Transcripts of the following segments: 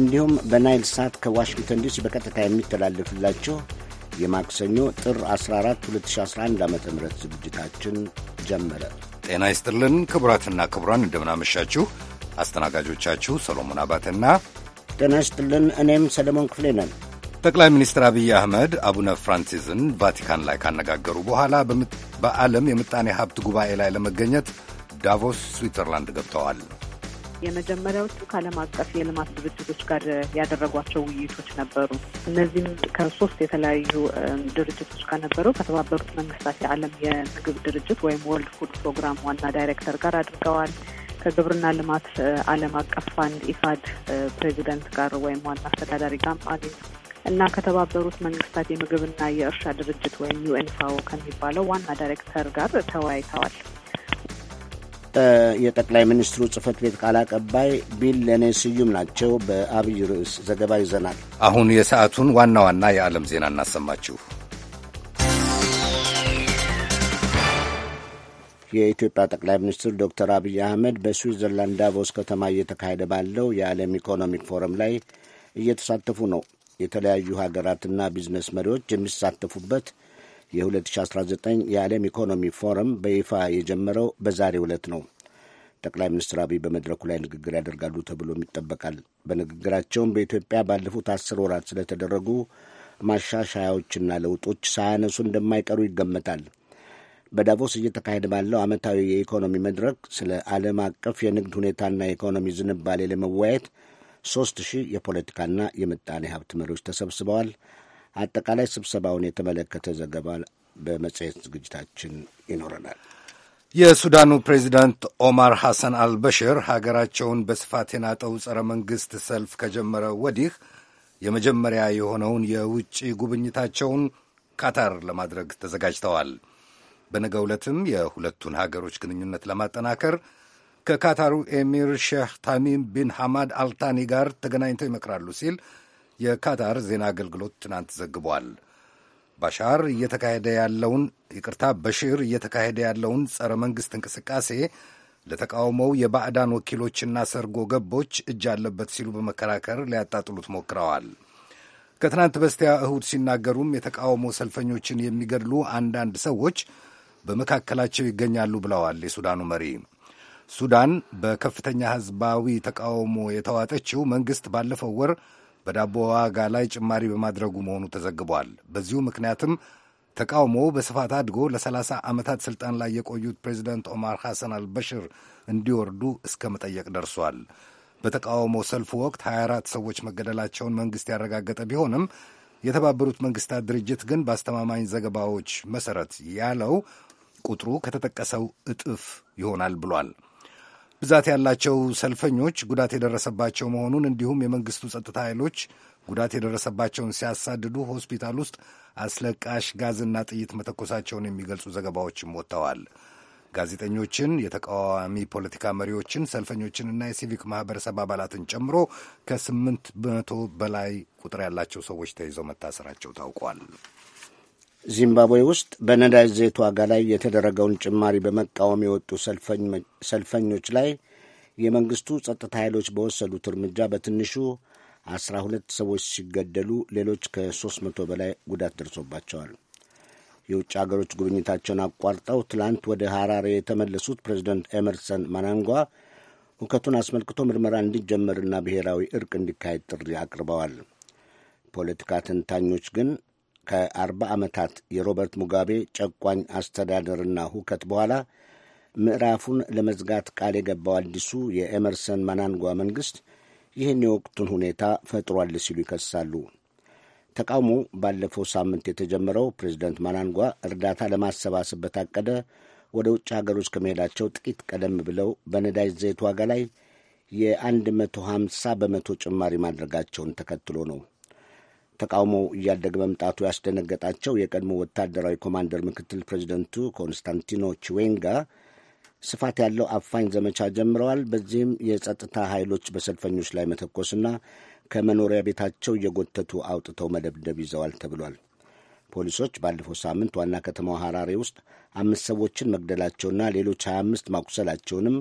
እንዲሁም በናይል ሳት ከዋሽንግተን ዲሲ በቀጥታ የሚተላለፍላቸው የማክሰኞ ጥር 14 2011 ዓ ም ዝግጅታችን ጀመረ። ጤና ይስጥልን ክቡራትና ክቡራን፣ እንደምናመሻችሁ። አስተናጋጆቻችሁ ሰሎሞን አባተና ጤና ይስጥልን እኔም ሰለሞን ክፍሌ ነን። ጠቅላይ ሚኒስትር አብይ አህመድ አቡነ ፍራንሲስን ቫቲካን ላይ ካነጋገሩ በኋላ በዓለም የምጣኔ ሀብት ጉባኤ ላይ ለመገኘት ዳቮስ ስዊትዘርላንድ ገብተዋል። የመጀመሪያዎቹ ከዓለም አቀፍ የልማት ድርጅቶች ጋር ያደረጓቸው ውይይቶች ነበሩ። እነዚህም ከሶስት የተለያዩ ድርጅቶች ጋር ነበሩ። ከተባበሩት መንግስታት የዓለም የምግብ ድርጅት ወይም ወርልድ ፉድ ፕሮግራም ዋና ዳይሬክተር ጋር አድርገዋል። ከግብርና ልማት ዓለም አቀፍ ፋንድ ኢፋድ ፕሬዚደንት ጋር ወይም ዋና አስተዳዳሪ ጋር አግኝ እና ከተባበሩት መንግስታት የምግብና የእርሻ ድርጅት ወይም ዩኤንፋኦ ከሚባለው ዋና ዳይሬክተር ጋር ተወያይተዋል። የጠቅላይ ሚኒስትሩ ጽህፈት ቤት ቃል አቀባይ ለኔ ስዩም ናቸው። በአብይ ርዕስ ዘገባ ይዘናል። አሁን የሰዓቱን ዋና ዋና የዓለም ዜና እናሰማችሁ። የኢትዮጵያ ጠቅላይ ሚኒስትር ዶክተር አብይ አህመድ በስዊዘርላንድ ዳቮስ ከተማ እየተካሄደ ባለው የዓለም ኢኮኖሚክ ፎረም ላይ እየተሳተፉ ነው። የተለያዩ ሀገራትና ቢዝነስ መሪዎች የሚሳተፉበት የ2019 የዓለም ኢኮኖሚ ፎረም በይፋ የጀመረው በዛሬ ዕለት ነው። ጠቅላይ ሚኒስትር አብይ በመድረኩ ላይ ንግግር ያደርጋሉ ተብሎም ይጠበቃል። በንግግራቸውም በኢትዮጵያ ባለፉት አስር ወራት ስለተደረጉ ማሻሻያዎችና ለውጦች ሳያነሱ እንደማይቀሩ ይገመታል። በዳቮስ እየተካሄደ ባለው ዓመታዊ የኢኮኖሚ መድረክ ስለ ዓለም አቀፍ የንግድ ሁኔታና የኢኮኖሚ ዝንባሌ ለመወያየት ሶስት ሺህ የፖለቲካና የምጣኔ ሀብት መሪዎች ተሰብስበዋል። አጠቃላይ ስብሰባውን የተመለከተ ዘገባ በመጽሔት ዝግጅታችን ይኖረናል። የሱዳኑ ፕሬዚዳንት ኦማር ሐሰን አልበሽር ሀገራቸውን በስፋት የናጠው ጸረ መንግሥት ሰልፍ ከጀመረ ወዲህ የመጀመሪያ የሆነውን የውጭ ጉብኝታቸውን ካታር ለማድረግ ተዘጋጅተዋል። በነገ ዕለትም የሁለቱን ሀገሮች ግንኙነት ለማጠናከር ከካታሩ ኤሚር ሼህ ታሚም ቢን ሐማድ አልታኒ ጋር ተገናኝተው ይመክራሉ ሲል የካታር ዜና አገልግሎት ትናንት ዘግቧል። ባሻር እየተካሄደ ያለውን ይቅርታ፣ በሽር እየተካሄደ ያለውን ጸረ መንግሥት እንቅስቃሴ ለተቃውሞው የባዕዳን ወኪሎችና ሰርጎ ገቦች እጅ አለበት ሲሉ በመከራከር ሊያጣጥሉት ሞክረዋል። ከትናንት በስቲያ እሁድ ሲናገሩም የተቃውሞ ሰልፈኞችን የሚገድሉ አንዳንድ ሰዎች በመካከላቸው ይገኛሉ ብለዋል የሱዳኑ መሪ። ሱዳን በከፍተኛ ሕዝባዊ ተቃውሞ የተዋጠችው መንግሥት ባለፈው ወር በዳቦ ዋጋ ላይ ጭማሪ በማድረጉ መሆኑ ተዘግቧል። በዚሁ ምክንያትም ተቃውሞ በስፋት አድጎ ለ30 ዓመታት ስልጣን ላይ የቆዩት ፕሬዚደንት ኦማር ሐሰን አልበሽር እንዲወርዱ እስከ መጠየቅ ደርሷል። በተቃውሞ ሰልፉ ወቅት 24 ሰዎች መገደላቸውን መንግሥት ያረጋገጠ ቢሆንም የተባበሩት መንግሥታት ድርጅት ግን በአስተማማኝ ዘገባዎች መሠረት ያለው ቁጥሩ ከተጠቀሰው እጥፍ ይሆናል ብሏል። ብዛት ያላቸው ሰልፈኞች ጉዳት የደረሰባቸው መሆኑን እንዲሁም የመንግስቱ ጸጥታ ኃይሎች ጉዳት የደረሰባቸውን ሲያሳድዱ ሆስፒታል ውስጥ አስለቃሽ ጋዝና ጥይት መተኮሳቸውን የሚገልጹ ዘገባዎችም ወጥተዋል። ጋዜጠኞችን፣ የተቃዋሚ ፖለቲካ መሪዎችን፣ ሰልፈኞችንና የሲቪክ ማህበረሰብ አባላትን ጨምሮ ከስምንት መቶ በላይ ቁጥር ያላቸው ሰዎች ተይዘው መታሰራቸው ታውቋል። ዚምባብዌ ውስጥ በነዳጅ ዘይት ዋጋ ላይ የተደረገውን ጭማሪ በመቃወም የወጡ ሰልፈኞች ላይ የመንግስቱ ጸጥታ ኃይሎች በወሰዱት እርምጃ በትንሹ አስራ ሁለት ሰዎች ሲገደሉ ሌሎች ከሶስት መቶ በላይ ጉዳት ደርሶባቸዋል። የውጭ አገሮች ጉብኝታቸውን አቋርጠው ትላንት ወደ ሐራሬ የተመለሱት ፕሬዚደንት ኤመርሰን ማናንጓ ሁከቱን አስመልክቶ ምርመራ እንዲጀመርና ብሔራዊ እርቅ እንዲካሄድ ጥሪ አቅርበዋል። ፖለቲካ ተንታኞች ግን ከአርባ ዓመታት የሮበርት ሙጋቤ ጨቋኝ አስተዳደርና ሁከት በኋላ ምዕራፉን ለመዝጋት ቃል የገባው አዲሱ የኤመርሰን ማናንጓ መንግሥት ይህን የወቅቱን ሁኔታ ፈጥሯል ሲሉ ይከሳሉ። ተቃውሞ ባለፈው ሳምንት የተጀመረው ፕሬዚደንት ማናንጓ እርዳታ ለማሰባሰብ በታቀደ ወደ ውጭ ሀገሮች ከመሄዳቸው ጥቂት ቀደም ብለው በነዳጅ ዘይት ዋጋ ላይ የ150 በመቶ ጭማሪ ማድረጋቸውን ተከትሎ ነው። ተቃውሞው እያደገ መምጣቱ ያስደነገጣቸው የቀድሞ ወታደራዊ ኮማንደር ምክትል ፕሬዚደንቱ ኮንስታንቲኖ ችዌንጋ ስፋት ያለው አፋኝ ዘመቻ ጀምረዋል። በዚህም የጸጥታ ኃይሎች በሰልፈኞች ላይ መተኮስና ከመኖሪያ ቤታቸው እየጎተቱ አውጥተው መደብደብ ይዘዋል ተብሏል። ፖሊሶች ባለፈው ሳምንት ዋና ከተማው ሐራሬ ውስጥ አምስት ሰዎችን መግደላቸውና ሌሎች 2አምስት ማቁሰላቸውንም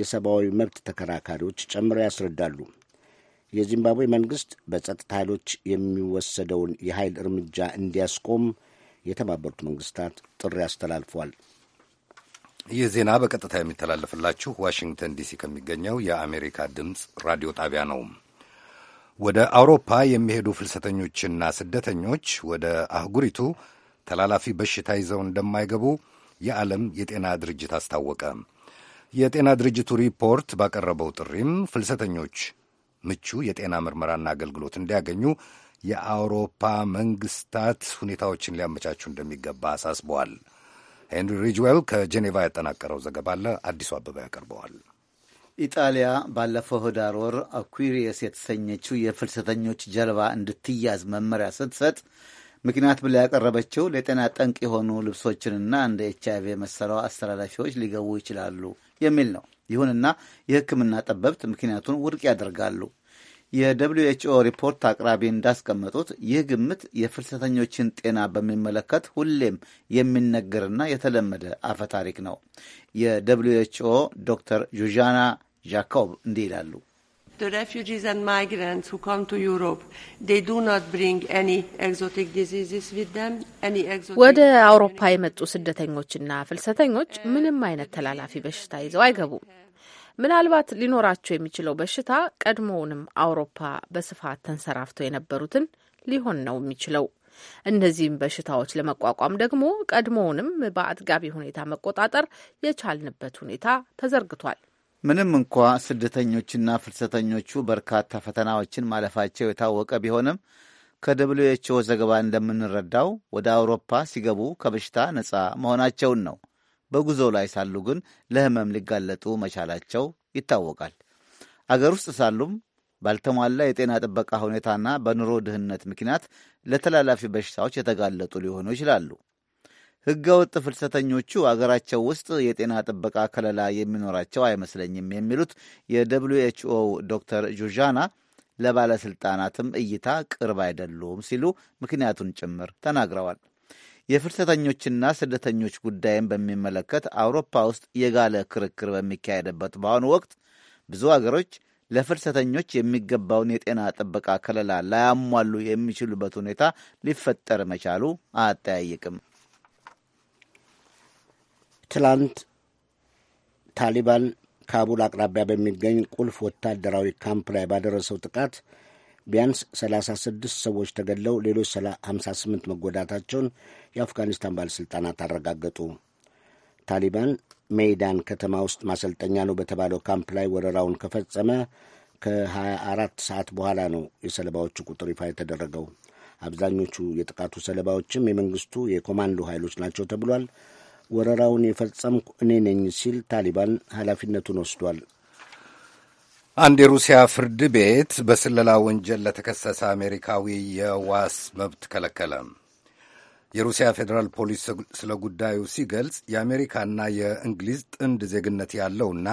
የሰብአዊ መብት ተከራካሪዎች ጨምረው ያስረዳሉ። የዚምባብዌ መንግሥት በጸጥታ ኃይሎች የሚወሰደውን የኃይል እርምጃ እንዲያስቆም የተባበሩት መንግስታት ጥሪ አስተላልፏል። ይህ ዜና በቀጥታ የሚተላለፍላችሁ ዋሽንግተን ዲሲ ከሚገኘው የአሜሪካ ድምፅ ራዲዮ ጣቢያ ነው። ወደ አውሮፓ የሚሄዱ ፍልሰተኞችና ስደተኞች ወደ አህጉሪቱ ተላላፊ በሽታ ይዘው እንደማይገቡ የዓለም የጤና ድርጅት አስታወቀ። የጤና ድርጅቱ ሪፖርት ባቀረበው ጥሪም ፍልሰተኞች ምቹ የጤና ምርመራና አገልግሎት እንዲያገኙ የአውሮፓ መንግስታት ሁኔታዎችን ሊያመቻቹ እንደሚገባ አሳስበዋል። ሄንሪ ሪጅዌል ከጄኔቫ ያጠናቀረው ዘገባ አለ፣ አዲሱ አበባ ያቀርበዋል። ኢጣሊያ ባለፈው ህዳር ወር አኩሪየስ የተሰኘችው የፍልሰተኞች ጀልባ እንድትያዝ መመሪያ ስትሰጥ ምክንያት ብላ ያቀረበችው ለጤና ጠንቅ የሆኑ ልብሶችንና እንደ ኤች አይቪ የመሰለው አስተላላፊዎች ሊገቡ ይችላሉ የሚል ነው። ይሁንና የሕክምና ጠበብት ምክንያቱን ውድቅ ያደርጋሉ። የደብሊዩ ኤችኦ ሪፖርት አቅራቢ እንዳስቀመጡት ይህ ግምት የፍልሰተኞችን ጤና በሚመለከት ሁሌም የሚነገርና የተለመደ አፈታሪክ ነው። የደብሊዩ ኤችኦ ዶክተር ጆዣና ጃኮብ እንዲህ ይላሉ። the refugees and migrants who come to Europe, they do not bring any exotic diseases with them. Any exotic ወደ አውሮፓ የመጡ ስደተኞችና ፍልሰተኞች ምንም አይነት ተላላፊ በሽታ ይዘው አይገቡም። ምናልባት ሊኖራቸው የሚችለው በሽታ ቀድሞውንም አውሮፓ በስፋት ተንሰራፍተው የነበሩትን ሊሆን ነው የሚችለው። እነዚህም በሽታዎች ለመቋቋም ደግሞ ቀድሞውንም በአጥጋቢ ሁኔታ መቆጣጠር የቻልንበት ሁኔታ ተዘርግቷል። ምንም እንኳ ስደተኞችና ፍልሰተኞቹ በርካታ ፈተናዎችን ማለፋቸው የታወቀ ቢሆንም ከደብሊው ኤች ኦ ዘገባ እንደምንረዳው ወደ አውሮፓ ሲገቡ ከበሽታ ነፃ መሆናቸውን ነው። በጉዞ ላይ ሳሉ ግን ለሕመም ሊጋለጡ መቻላቸው ይታወቃል። አገር ውስጥ ሳሉም ባልተሟላ የጤና ጥበቃ ሁኔታና በኑሮ ድህነት ምክንያት ለተላላፊ በሽታዎች የተጋለጡ ሊሆኑ ይችላሉ። ህገወጥ ፍልሰተኞቹ አገራቸው ውስጥ የጤና ጥበቃ ከለላ የሚኖራቸው አይመስለኝም የሚሉት የደብሊዩ ኤችኦ ዶክተር ጁዣና ለባለሥልጣናትም እይታ ቅርብ አይደሉም ሲሉ ምክንያቱን ጭምር ተናግረዋል። የፍልሰተኞችና ስደተኞች ጉዳይን በሚመለከት አውሮፓ ውስጥ የጋለ ክርክር በሚካሄድበት በአሁኑ ወቅት ብዙ አገሮች ለፍልሰተኞች የሚገባውን የጤና ጥበቃ ከለላ ላያሟሉ የሚችሉበት ሁኔታ ሊፈጠር መቻሉ አያጠያይቅም። ትላንት ታሊባን ካቡል አቅራቢያ በሚገኝ ቁልፍ ወታደራዊ ካምፕ ላይ ባደረሰው ጥቃት ቢያንስ 36 ሰዎች ተገድለው ሌሎች 58 መጎዳታቸውን የአፍጋኒስታን ባለሥልጣናት አረጋገጡ። ታሊባን ሜይዳን ከተማ ውስጥ ማሰልጠኛ ነው በተባለው ካምፕ ላይ ወረራውን ከፈጸመ ከ24 ሰዓት በኋላ ነው የሰለባዎቹ ቁጥር ይፋ የተደረገው። አብዛኞቹ የጥቃቱ ሰለባዎችም የመንግስቱ የኮማንዶ ኃይሎች ናቸው ተብሏል። ወረራውን የፈጸምኩ እኔ ነኝ ሲል ታሊባን ኃላፊነቱን ወስዷል። አንድ የሩሲያ ፍርድ ቤት በስለላ ወንጀል ለተከሰሰ አሜሪካዊ የዋስ መብት ከለከለ። የሩሲያ ፌዴራል ፖሊስ ስለ ጉዳዩ ሲገልጽ የአሜሪካና የእንግሊዝ ጥንድ ዜግነት ያለውና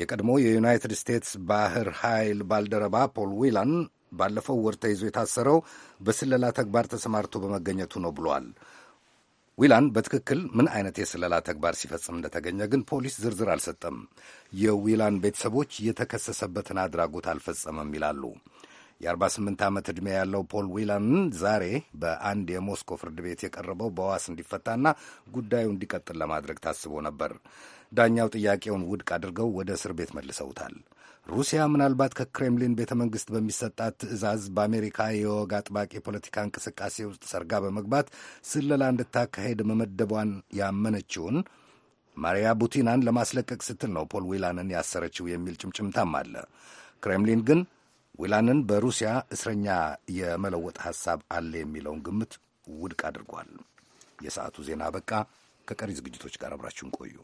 የቀድሞ የዩናይትድ ስቴትስ ባህር ኃይል ባልደረባ ፖል ዊላን ባለፈው ወር ተይዞ የታሰረው በስለላ ተግባር ተሰማርቶ በመገኘቱ ነው ብሏል። ዊላን በትክክል ምን አይነት የስለላ ተግባር ሲፈጽም እንደተገኘ ግን ፖሊስ ዝርዝር አልሰጠም። የዊላን ቤተሰቦች የተከሰሰበትን አድራጎት አልፈጸመም ይላሉ። የ48 ዓመት ዕድሜ ያለው ፖል ዊላን ዛሬ በአንድ የሞስኮ ፍርድ ቤት የቀረበው በዋስ እንዲፈታና ጉዳዩ እንዲቀጥል ለማድረግ ታስቦ ነበር። ዳኛው ጥያቄውን ውድቅ አድርገው ወደ እስር ቤት መልሰውታል። ሩሲያ ምናልባት ከክሬምሊን ቤተ መንግሥት በሚሰጣት ትዕዛዝ በአሜሪካ የወግ አጥባቂ የፖለቲካ እንቅስቃሴ ውስጥ ሰርጋ በመግባት ስለላ እንድታካሄድ መመደቧን ያመነችውን ማሪያ ቡቲናን ለማስለቀቅ ስትል ነው ፖል ዊላንን ያሰረችው የሚል ጭምጭምታም አለ። ክሬምሊን ግን ዊላንን በሩሲያ እስረኛ የመለወጥ ሐሳብ አለ የሚለውን ግምት ውድቅ አድርጓል። የሰዓቱ ዜና አበቃ። ከቀሪ ዝግጅቶች ጋር አብራችሁን ቆዩ።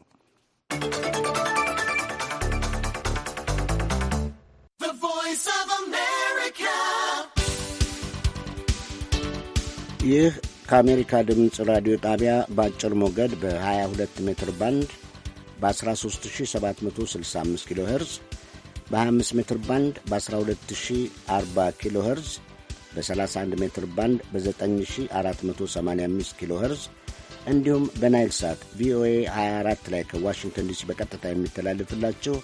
ይህ ከአሜሪካ ድምፅ ራዲዮ ጣቢያ በአጭር ሞገድ በ22 ሜትር ባንድ በ13765 ኪሎ ሄርዝ በ25 ሜትር ባንድ በ12040 ኪሎ ኸርዝ በ31 ሜትር ባንድ በ9485 ኪሎ ኸርዝ እንዲሁም በናይል ሳት ቪኦኤ 24 ላይ ከዋሽንግተን ዲሲ በቀጥታ የሚተላለፍላቸው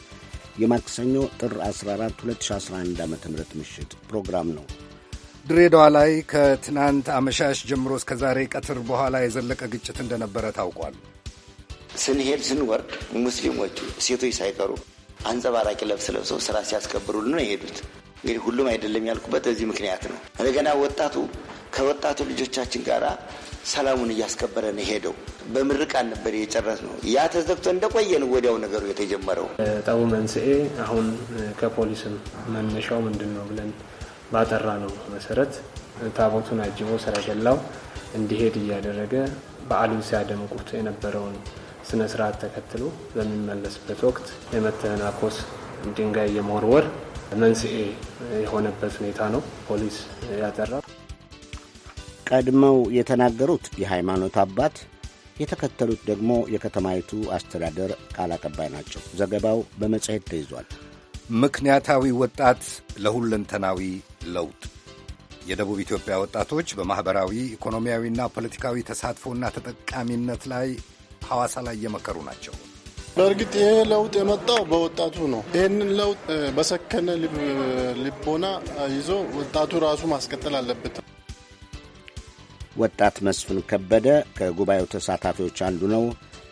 የማክሰኞ ጥር 14 2011 ዓ ም ምሽት ፕሮግራም ነው። ድሬዳዋ ላይ ከትናንት አመሻሽ ጀምሮ እስከ ዛሬ ቀትር በኋላ የዘለቀ ግጭት እንደነበረ ታውቋል። ስንሄድ ስንወርድ ሙስሊሞቹ ሴቶች ሳይቀሩ አንጸባራቂ ልብስ ለብሰው ስራ ሲያስከብሩልን ነው የሄዱት። እንግዲህ ሁሉም አይደለም ያልኩበት በዚህ ምክንያት ነው። እንደገና ወጣቱ ከወጣቱ ልጆቻችን ጋር ሰላሙን እያስከበረ ነው ሄደው በምርቃት ነበር የጨረስ ነው። ያ ተዘግቶ እንደቆየን ወዲያው ነገሩ የተጀመረው ጠቡ መንስኤ አሁን ከፖሊስም መነሻው ምንድን ነው ብለን ባጠራ ነው መሰረት ታቦቱን አጅቦ ሰረገላው እንዲሄድ እያደረገ በዓሉን ሲያደምቁት የነበረውን ስነ ስርዓት ተከትሎ በሚመለስበት ወቅት የመተናኮስ ድንጋይ የመወርወር መንስኤ የሆነበት ሁኔታ ነው ፖሊስ ያጠራው። ቀድመው የተናገሩት የሃይማኖት አባት የተከተሉት ደግሞ የከተማይቱ አስተዳደር ቃል አቀባይ ናቸው። ዘገባው በመጽሔት ተይዟል። ምክንያታዊ ወጣት ለሁለንተናዊ ለውጥ የደቡብ ኢትዮጵያ ወጣቶች በማኅበራዊ ኢኮኖሚያዊና ፖለቲካዊ ተሳትፎና ተጠቃሚነት ላይ ሐዋሳ ላይ እየመከሩ ናቸው። በእርግጥ ይሄ ለውጥ የመጣው በወጣቱ ነው። ይህንን ለውጥ በሰከነ ልቦና ይዞ ወጣቱ ራሱ ማስቀጠል አለበት። ወጣት መስፍን ከበደ ከጉባኤው ተሳታፊዎች አንዱ ነው።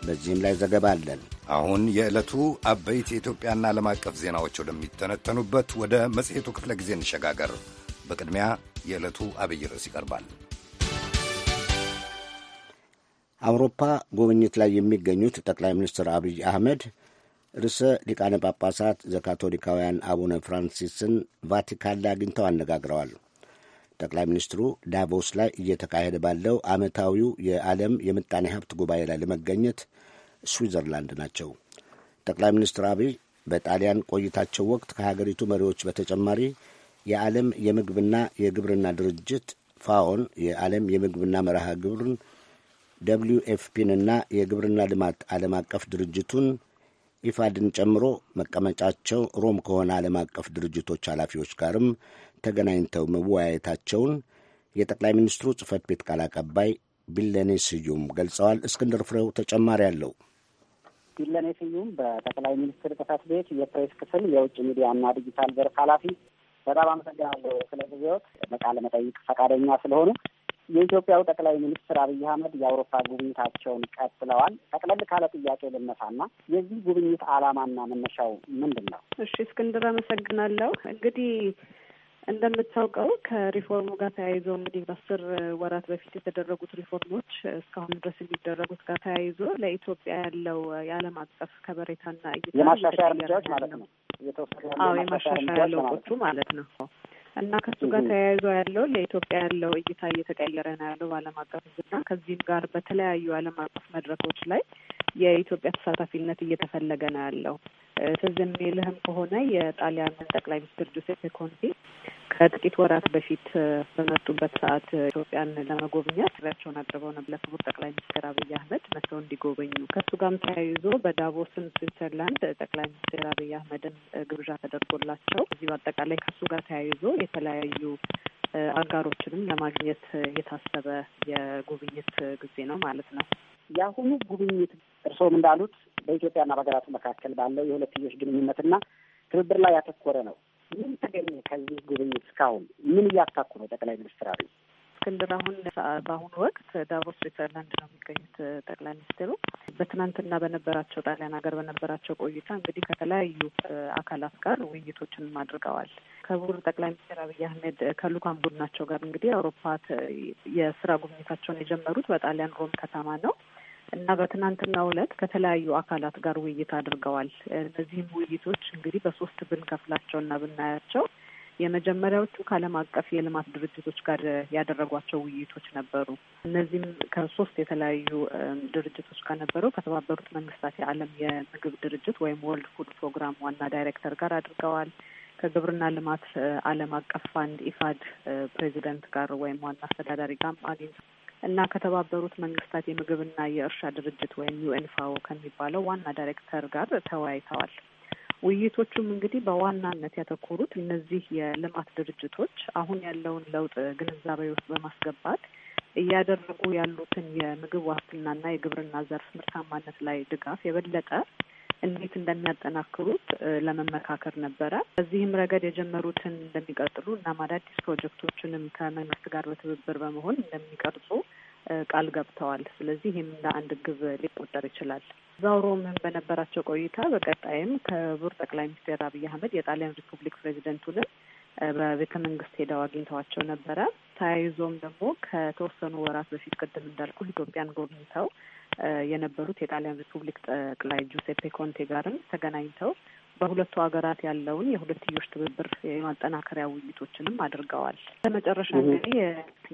በዚህም ላይ ዘገባ አለን። አሁን የዕለቱ አበይት የኢትዮጵያና ዓለም አቀፍ ዜናዎች ወደሚተነተኑበት ወደ መጽሔቱ ክፍለ ጊዜ እንሸጋገር። በቅድሚያ የዕለቱ አብይ ርዕስ ይቀርባል። አውሮፓ ጉብኝት ላይ የሚገኙት ጠቅላይ ሚኒስትር አብይ አህመድ ርዕሰ ሊቃነ ጳጳሳት ዘካቶሊካውያን አቡነ ፍራንሲስን ቫቲካን ላይ አግኝተው አነጋግረዋል። ጠቅላይ ሚኒስትሩ ዳቮስ ላይ እየተካሄደ ባለው ዓመታዊው የዓለም የምጣኔ ሀብት ጉባኤ ላይ ለመገኘት ስዊዘርላንድ ናቸው። ጠቅላይ ሚኒስትር አብይ በጣሊያን ቆይታቸው ወቅት ከሀገሪቱ መሪዎች በተጨማሪ የዓለም የምግብና የግብርና ድርጅት ፋኦን የዓለም የምግብና መርሃ ግብርን ደብልዩ ኤፍፒንና የግብርና ልማት ዓለም አቀፍ ድርጅቱን ኢፋድን ጨምሮ መቀመጫቸው ሮም ከሆነ ዓለም አቀፍ ድርጅቶች ኃላፊዎች ጋርም ተገናኝተው መወያየታቸውን የጠቅላይ ሚኒስትሩ ጽህፈት ቤት ቃል አቀባይ ቢለኔ ስዩም ገልጸዋል። እስክንድር ፍሬው ተጨማሪ አለው። ቢለኔ ስዩም በጠቅላይ ሚኒስትር ጽህፈት ቤት የፕሬስ ክፍል የውጭ ሚዲያና ዲጂታል ዘርፍ ኃላፊ፣ በጣም አመሰግናለሁ ስለ ጊዜዎት በቃለ መጠይቅ ፈቃደኛ ስለሆኑ የኢትዮጵያው ጠቅላይ ሚኒስትር አብይ አህመድ የአውሮፓ ጉብኝታቸውን ቀጥለዋል። ጠቅለል ካለ ጥያቄ ልነሳና የዚህ ጉብኝት ዓላማና መነሻው ምንድን ነው? እሺ እስክንድር አመሰግናለሁ። እንግዲህ እንደምታውቀው ከሪፎርሙ ጋር ተያይዞ እንግዲህ በአስር ወራት በፊት የተደረጉት ሪፎርሞች እስካሁን ድረስ የሚደረጉት ጋር ተያይዞ ለኢትዮጵያ ያለው የዓለም አቀፍ ከበሬታና እይታ የማሻሻያ እርምጃዎች ማለት ነው የተወሰዱ የማሻሻያ ለውጦቹ ማለት ነው እና ከሱ ጋር ተያይዞ ያለው ለኢትዮጵያ ያለው እይታ እየተቀየረ ነው ያለው በዓለም አቀፍ ሕዝብና ከዚህም ጋር በተለያዩ ዓለም አቀፍ መድረኮች ላይ የኢትዮጵያ ተሳታፊነት እየተፈለገ ነው ያለው። ትዝ የሚልህም ከሆነ የጣሊያን ጠቅላይ ሚኒስትር ጁሴፔ ኮንቲ ከጥቂት ወራት በፊት በመጡበት ሰዓት ኢትዮጵያን ለመጎብኘት ጥሪያቸውን አቅርበው ነበር ለክቡር ጠቅላይ ሚኒስትር አብይ አህመድ መጥተው እንዲጎበኙ። ከእሱ ጋርም ተያይዞ በዳቮስን ስዊትዘርላንድ ጠቅላይ ሚኒስትር አብይ አህመድን ግብዣ ተደርጎላቸው እዚሁ አጠቃላይ ከእሱ ጋር ተያይዞ የተለያዩ አጋሮችንም ለማግኘት የታሰበ የጉብኝት ጊዜ ነው ማለት ነው። የአሁኑ ጉብኝት እርስዎም እንዳሉት በኢትዮጵያና በሀገራቱ መካከል ባለው የሁለትዮሽ ግንኙነትና ትብብር ላይ ያተኮረ ነው። ምን ተገኘ ከዚህ ጉብኝት? እስካሁን ምን እያታኩ ነው ጠቅላይ ሚኒስትር አብይ? እስክንድር አሁን በአሁኑ ወቅት ዳቮስ ስዊትዘርላንድ ነው የሚገኙት ጠቅላይ ሚኒስትሩ። በትናንትና በነበራቸው ጣሊያን ሀገር በነበራቸው ቆይታ እንግዲህ ከተለያዩ አካላት ጋር ውይይቶችንም አድርገዋል። ክቡር ጠቅላይ ሚኒስትር አብይ አህመድ ከሉካን ቡድናቸው ጋር እንግዲህ አውሮፓ የስራ ጉብኝታቸውን የጀመሩት በጣሊያን ሮም ከተማ ነው። እና በትናንትናው ዕለት ከተለያዩ አካላት ጋር ውይይት አድርገዋል። እነዚህም ውይይቶች እንግዲህ በሶስት ብንከፍላቸው እና ብናያቸው የመጀመሪያዎቹ ከዓለም አቀፍ የልማት ድርጅቶች ጋር ያደረጓቸው ውይይቶች ነበሩ። እነዚህም ከሶስት የተለያዩ ድርጅቶች ጋር ነበሩ ከተባበሩት መንግስታት የዓለም የምግብ ድርጅት ወይም ወርልድ ፉድ ፕሮግራም ዋና ዳይሬክተር ጋር አድርገዋል። ከግብርና ልማት ዓለም አቀፍ ፋንድ ኢፋድ ፕሬዚደንት ጋር ወይም ዋና አስተዳዳሪ ጋር አግኝተው እና ከተባበሩት መንግስታት የምግብና የእርሻ ድርጅት ወይም ዩኤንፋኦ ከሚባለው ዋና ዳይሬክተር ጋር ተወያይተዋል። ውይይቶቹም እንግዲህ በዋናነት ያተኮሩት እነዚህ የልማት ድርጅቶች አሁን ያለውን ለውጥ ግንዛቤ ውስጥ በማስገባት እያደረጉ ያሉትን የምግብ ዋስትናና የግብርና ዘርፍ ምርታማነት ላይ ድጋፍ የበለጠ እንዴት እንደሚያጠናክሩት ለመመካከር ነበረ። በዚህም ረገድ የጀመሩትን እንደሚቀጥሉ እናም አዳዲስ ፕሮጀክቶችንም ከመንግስት ጋር በትብብር በመሆን እንደሚቀርጹ ቃል ገብተዋል። ስለዚህ ይህም እንደ አንድ ግብ ሊቆጠር ይችላል። እዛው ሮምን በነበራቸው ቆይታ በቀጣይም ክቡር ጠቅላይ ሚኒስትር አብይ አህመድ የጣሊያን ሪፑብሊክ ፕሬዚደንቱንም በቤተ መንግስት ሄደው አግኝተዋቸው ነበረ። ተያይዞም ደግሞ ከተወሰኑ ወራት በፊት ቅድም እንዳልኩ ኢትዮጵያን ጎብኝተው የነበሩት የጣሊያን ሪፑብሊክ ጠቅላይ ጁሴፔ ኮንቴ ጋርም ተገናኝተው በሁለቱ ሀገራት ያለውን የሁለትዮሽ ትብብር የማጠናከሪያ ውይይቶችንም አድርገዋል። ለመጨረሻ እንግዲህ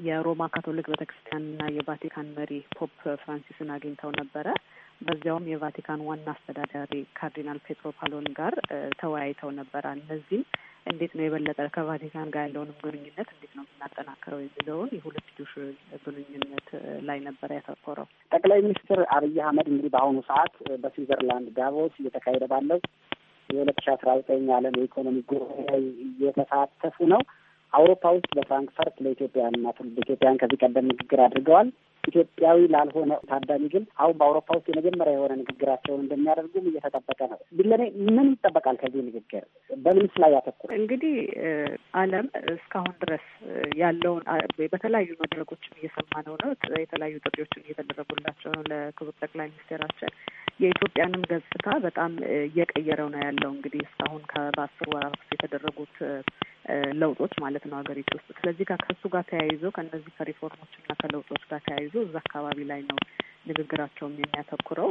የሮማ ካቶሊክ ቤተክርስቲያንና የቫቲካን መሪ ፖፕ ፍራንሲስን አግኝተው ነበረ። በዚያውም የቫቲካን ዋና አስተዳዳሪ ካርዲናል ፔትሮ ፓሎን ጋር ተወያይተው ነበረ። እነዚህም እንዴት ነው የበለጠ ከቫቲካን ጋር ያለውንም ግንኙነት እንዴት ነው የምናጠናክረው የሚለውን የሁለትዮሽ ግንኙነት ላይ ነበር ያተኮረው። ጠቅላይ ሚኒስትር አብይ አህመድ እንግዲህ በአሁኑ ሰዓት በስዊዘርላንድ ዳቮስ እየተካሄደ ባለው የሁለት ሺ አስራ ዘጠኝ ዓለም የኢኮኖሚ ጉባኤ እየተሳተፉ ነው። አውሮፓ ውስጥ በፍራንክፈርት ለኢትዮጵያውያን እና ትውልደ ኢትዮጵያውያን ከዚህ ቀደም ንግግር አድርገዋል። ኢትዮጵያዊ ላልሆነ ታዳሚ ግን አሁን በአውሮፓ ውስጥ የመጀመሪያ የሆነ ንግግራቸውን እንደሚያደርጉም እየተጠበቀ ነው። ለኔ ምን ይጠበቃል ከዚህ ንግግር? በምንስ ላይ ያተኩር? እንግዲህ ዓለም እስካሁን ድረስ ያለውን በተለያዩ መድረኮችም እየሰማ ነው ነው የተለያዩ ጥሪዎችም እየተደረጉላቸው ነው ለክቡር ጠቅላይ ሚኒስቴራችን የኢትዮጵያንም ገጽታ በጣም እየቀየረው ነው ያለው። እንግዲህ እስካሁን ከበአስር ወራት ውስጥ የተደረጉት ለውጦች ማለት ነው ሀገሪቱ ውስጥ። ስለዚህ ከሱ ጋር ተያይዞ ከእነዚህ ከሪፎርሞችና ከለውጦች ጋር ተያይዞ እዛ አካባቢ ላይ ነው ንግግራቸውም የሚያተኩረው።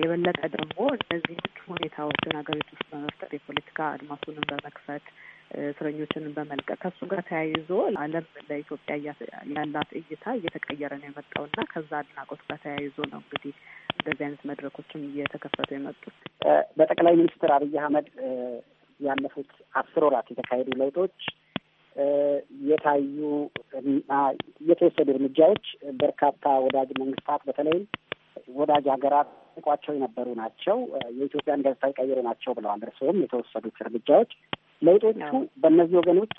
የበለጠ ደግሞ እነዚህ ሁኔታዎችን ሀገሪቱ ውስጥ በመፍጠር የፖለቲካ አድማሱንም በመክፈት እስረኞችን በመልቀቅ ከሱ ጋር ተያይዞ ዓለም ለኢትዮጵያ ያላት እይታ እየተቀየረ ነው የመጣው እና ከዛ አድናቆት ጋር ተያይዞ ነው እንግዲህ እንደዚህ አይነት መድረኮችም እየተከፈቱ የመጡት። በጠቅላይ ሚኒስትር አብይ አህመድ ያለፉት አስር ወራት የተካሄዱ ለውጦች የታዩ እና የተወሰዱ እርምጃዎች በርካታ ወዳጅ መንግስታት በተለይ ወዳጅ ሀገራት ጠይቋቸው የነበሩ ናቸው፣ የኢትዮጵያን ገጽታ የቀየሩ ናቸው ብለዋል። እርስዎም የተወሰዱት እርምጃዎች ለውጦቹ በእነዚህ ወገኖች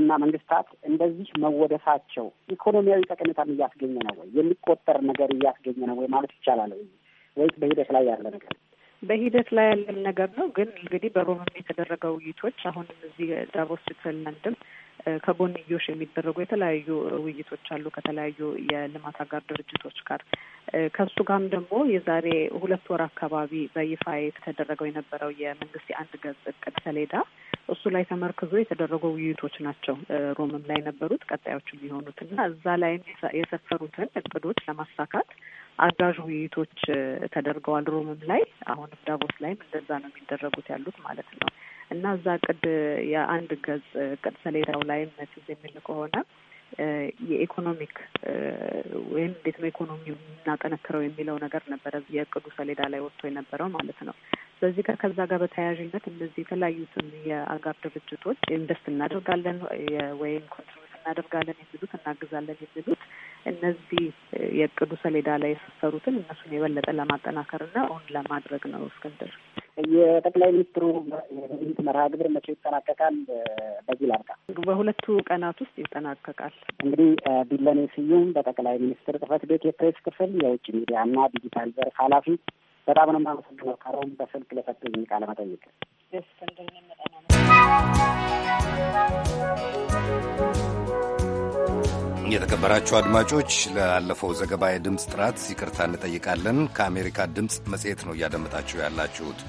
እና መንግስታት እንደዚህ መወደሳቸው ኢኮኖሚያዊ ጠቀሜታም እያስገኘ ነው ወይ? የሚቆጠር ነገር እያስገኘ ነው ወይ ማለት ይቻላል? ወይስ በሂደት ላይ ያለ ነገር በሂደት ላይ ያለን ነገር ነው። ግን እንግዲህ በሮምም የተደረገ ውይይቶች አሁንም እዚህ ዳቮስ ስዊትዘርላንድም ከጎንዮሽ የሚደረጉ የተለያዩ ውይይቶች አሉ ከተለያዩ የልማት አጋር ድርጅቶች ጋር። ከሱ ጋም ደግሞ የዛሬ ሁለት ወር አካባቢ በይፋ የተደረገው የነበረው የመንግስት የአንድ ገጽ እቅድ ሰሌዳ እሱ ላይ ተመርክዞ የተደረጉ ውይይቶች ናቸው። ሮምም ላይ ነበሩት ቀጣዮቹ እና እዛ ላይ የሰፈሩትን እቅዶች ለማሳካት አጋዥ ውይይቶች ተደርገዋል። ሮምም ላይ አሁንም ዳቦስ ላይም እንደዛ ነው የሚደረጉት ያሉት ማለት ነው እና እዛ እቅድ የአንድ ገጽ እቅድ ሰሌዳው ላይም መሲዝ የሚል ከሆነ የኢኮኖሚክ ወይም እንዴት ነው ኢኮኖሚ የምናጠነክረው የሚለው ነገር ነበረ የእቅዱ ሰሌዳ ላይ ወጥቶ የነበረው ማለት ነው። ስለዚህ ጋር ከዛ ጋር በተያያዥነት እነዚህ የተለያዩትን የአጋር ድርጅቶች ኢንቨስት እናደርጋለን ወይም ኮንትሪቢዩት እናደርጋለን የሚሉት እናግዛለን የሚሉት እነዚህ የእቅዱ ሰሌዳ ላይ የሰፈሩትን እነሱን የበለጠ ለማጠናከርና እውን ለማድረግ ነው እስክንድር። የጠቅላይ ሚኒስትሩ ውይይት መርሃ ግብር መቼ ይጠናቀቃል? በዚህ ላርቃ በሁለቱ ቀናት ውስጥ ይጠናቀቃል። እንግዲህ ቢለኔ ስዩም በጠቅላይ ሚኒስትር ጽህፈት ቤት የፕሬስ ክፍል የውጭ ሚዲያና ዲጂታል ዘርፍ ኃላፊ በጣም ነው የማመሰግነው። ካሮም በስልክ ለሰጡኝ ቃለ መጠይቅ ደስ እንደሚመጣ ነው። የተከበራችሁ አድማጮች ላለፈው ዘገባ የድምፅ ጥራት ይቅርታ እንጠይቃለን። ከአሜሪካ ድምፅ መጽሔት ነው እያደመጣችሁ ያላችሁት።